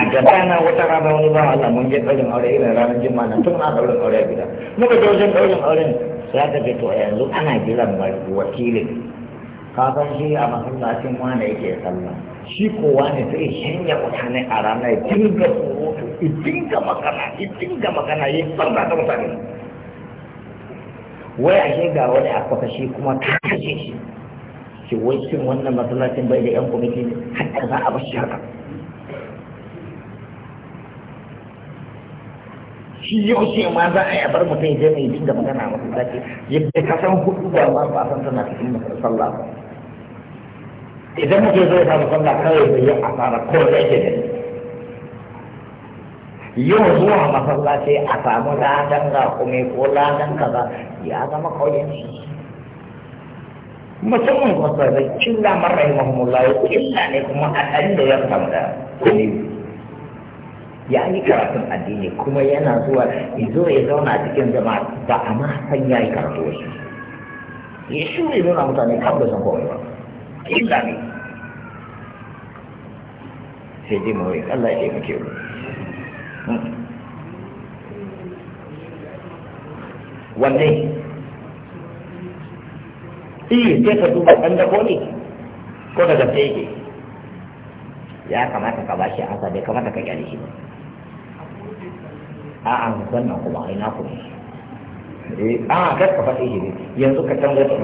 a gabana wata rana wani ba Allah mun je ɗaurin aure irin ranar jimma na tun na ɗaurin aure a gida muka je wajen ɗaurin auren su aka ce to yanzu ana jiran wakilin kafin shi a masallacin wanda yake sallah shi kowa ne sai shanya mutane a rana ya dinga surutu ya dinga magana ya dinga magana ya farba da mutane wai ashe ga wani a kwata shi kuma ta kashe shi shi wai cin wannan masallacin bai da yan kwamiti ne hatta za a bashi haka shi yau ce ma za a yabar bar mutum ya je mai dinga magana a masallaci yadda ka san hudu ba ma ba san tana cikin masallaci idan muke zai samu sallah kawai bai yi asara ko da yake da yau zuwa masallaci a samu ladan ga kuma ko ladan kaza ya zama kauye ne musamman kwasa da killa marai mahimmanlawa killa ne kuma a ɗan da ya samu da kuli ya yi karatun addini kuma yana zuwa ya zo ya zauna cikin jama'a ba a ma san ya yi karatu wasu ya shuri nuna mutane kawai da san komai ba illa ne sai dai mawai Allah ya taimake mu hmm. wanne iya sai ka duba ɗan dako ne ko ka sai yake ya kamata ka ba shi ansa bai kamata ka gyale shi ba a'a wannan kuma ai naku ne eh a'a kar ka faɗi shi ne yanzu ka canza ta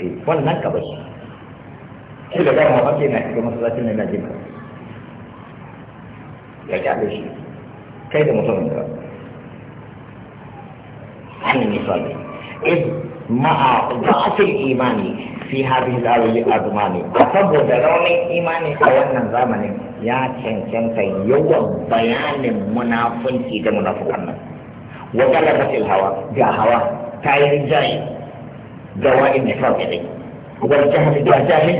eh, wannan ka bashi كل ده dama mafi na shiga masallacin nan na jin ka ya kyale shi kai da mutumin إذ مع ضعف الإيمان في هذه الآية الأزمان أصبح درون الإيمان أولا زمن يا تنشن يوم بيان في إذا منافقنا وغلبت الهوى جاء هوى تاير جاي دواء النفاق والجهل جاء جاهل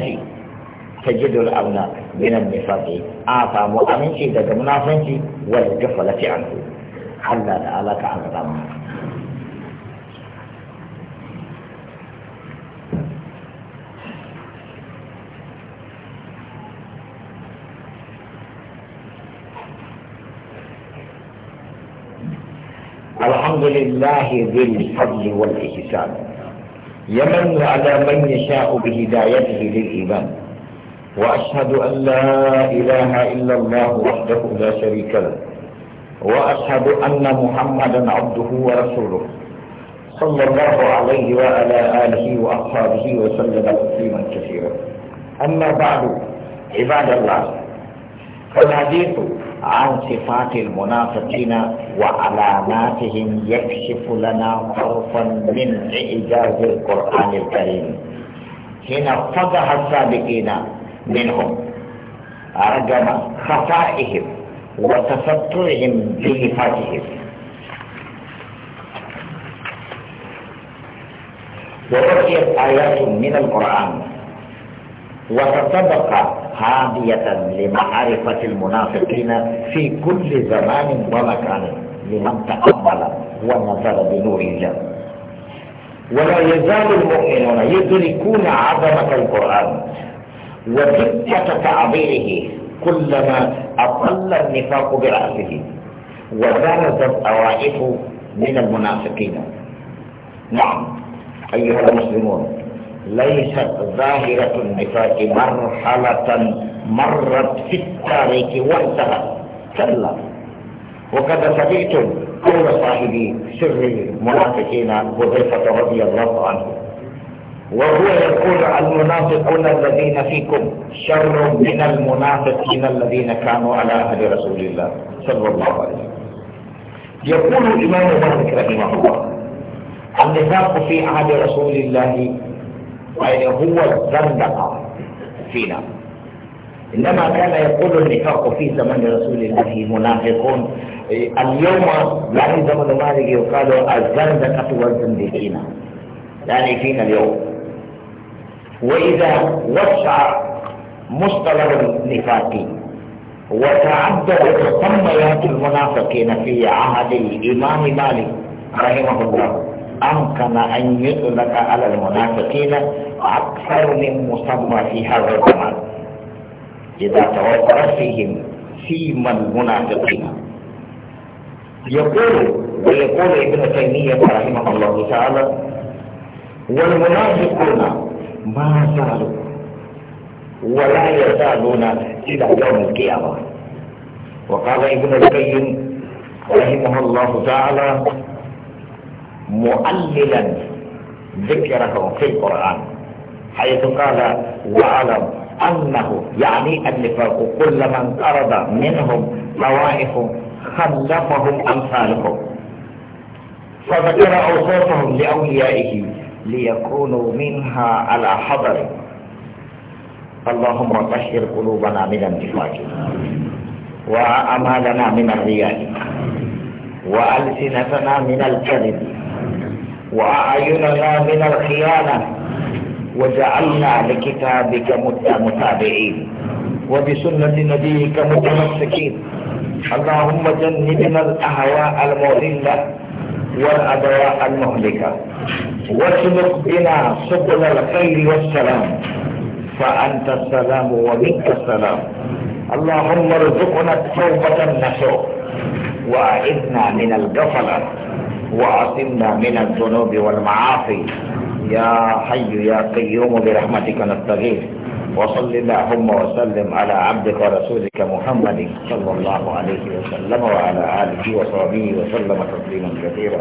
تجد الأمن من النفاق آتى مؤمنشي دك منافنشي والجفلة عنه الله تعالى كعلى الأمن الحمد لله ذي الفضل والإحسان يمن على من يشاء بهدايته للإيمان وأشهد أن لا إله إلا الله وحده لا شريك له وأشهد أن محمدا عبده ورسوله صلى الله عليه وعلى آله وأصحابه وسلم تسليما كثيرا أما بعد عباد الله فالحديث عن صفات المنافقين وعلاماتهم يكشف لنا طرفا من إعجاز القرآن الكريم حين فضح السابقين منهم رجم خفائهم وتسترهم بنفاتهم وبقيت آيات من القرآن وتطبق هادية لمعرفة المنافقين في كل زمان ومكان لمن تأمل ونظر بنور الله ولا يزال المؤمنون يدركون عظمة القرآن ودقة تعبيره كلما أطل النفاق برأسه وبرزت أوائف من المنافقين نعم أيها المسلمون ليست ظاهرة النفاق مرحلة مرت في التاريخ وانتهت كلا وقد سمعتم قول صاحب سر المنافقين حذيفة رضي الله عنه وهو يقول المنافقون الذين فيكم شر من المنافقين الذين كانوا على أهل رسول الله صلى الله عليه وسلم يقول الإمام مالك رحمه الله النفاق في عهد رسول الله يعني هو الزندقة فينا إنما كان يقول النفاق في زمن رسول الله منافقون إيه، اليوم يعني زمن مالك يقال الزندقة والزندقين يعني فينا اليوم وإذا وسع مصطلح النفاق وتعدى الصميات المنافقين في عهد الإمام مالك رحمه الله أمكن أن يطلق على المنافقين أكثر من مسمى في هذا الزمان إذا توفر فيهم سيما المنافقين يقول ويقول ابن تيمية رحمه الله تعالى والمنافقون ما زالوا ولا يزالون إلى يوم القيامة وقال ابن القيم رحمه الله تعالى مؤللا ذكره في القرآن حيث قال واعلم أنه يعني النفاق كل من قرض منهم طوائف خلفهم أمثالهم فذكر أوصافهم لأوليائه ليكونوا منها على حضر اللهم طهر قلوبنا من النفاق وأمالنا من الرياء وألسنتنا من الكذب وأعيننا من الخيانة وجعلنا لكتابك متابعين وبسنة نبيك متمسكين اللهم جنبنا الأهواء المضلة والأدواء المهلكة واسلك بنا سبل الخير والسلام فأنت السلام ومنك السلام اللهم ارزقنا التوبة النصوح وأعذنا من الغفلة وأعصمنا من الذنوب والمعاصي يا حي يا قيوم برحمتك نستغيث وصل اللهم وسلم على عبدك ورسولك محمد صلى الله عليه وسلم وعلى آله وصحبه وسلم تسليما كثيرا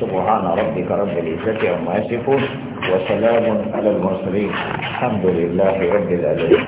سبحان ربك رب العزة عما يصفون وسلام على المرسلين الحمد لله رب العالمين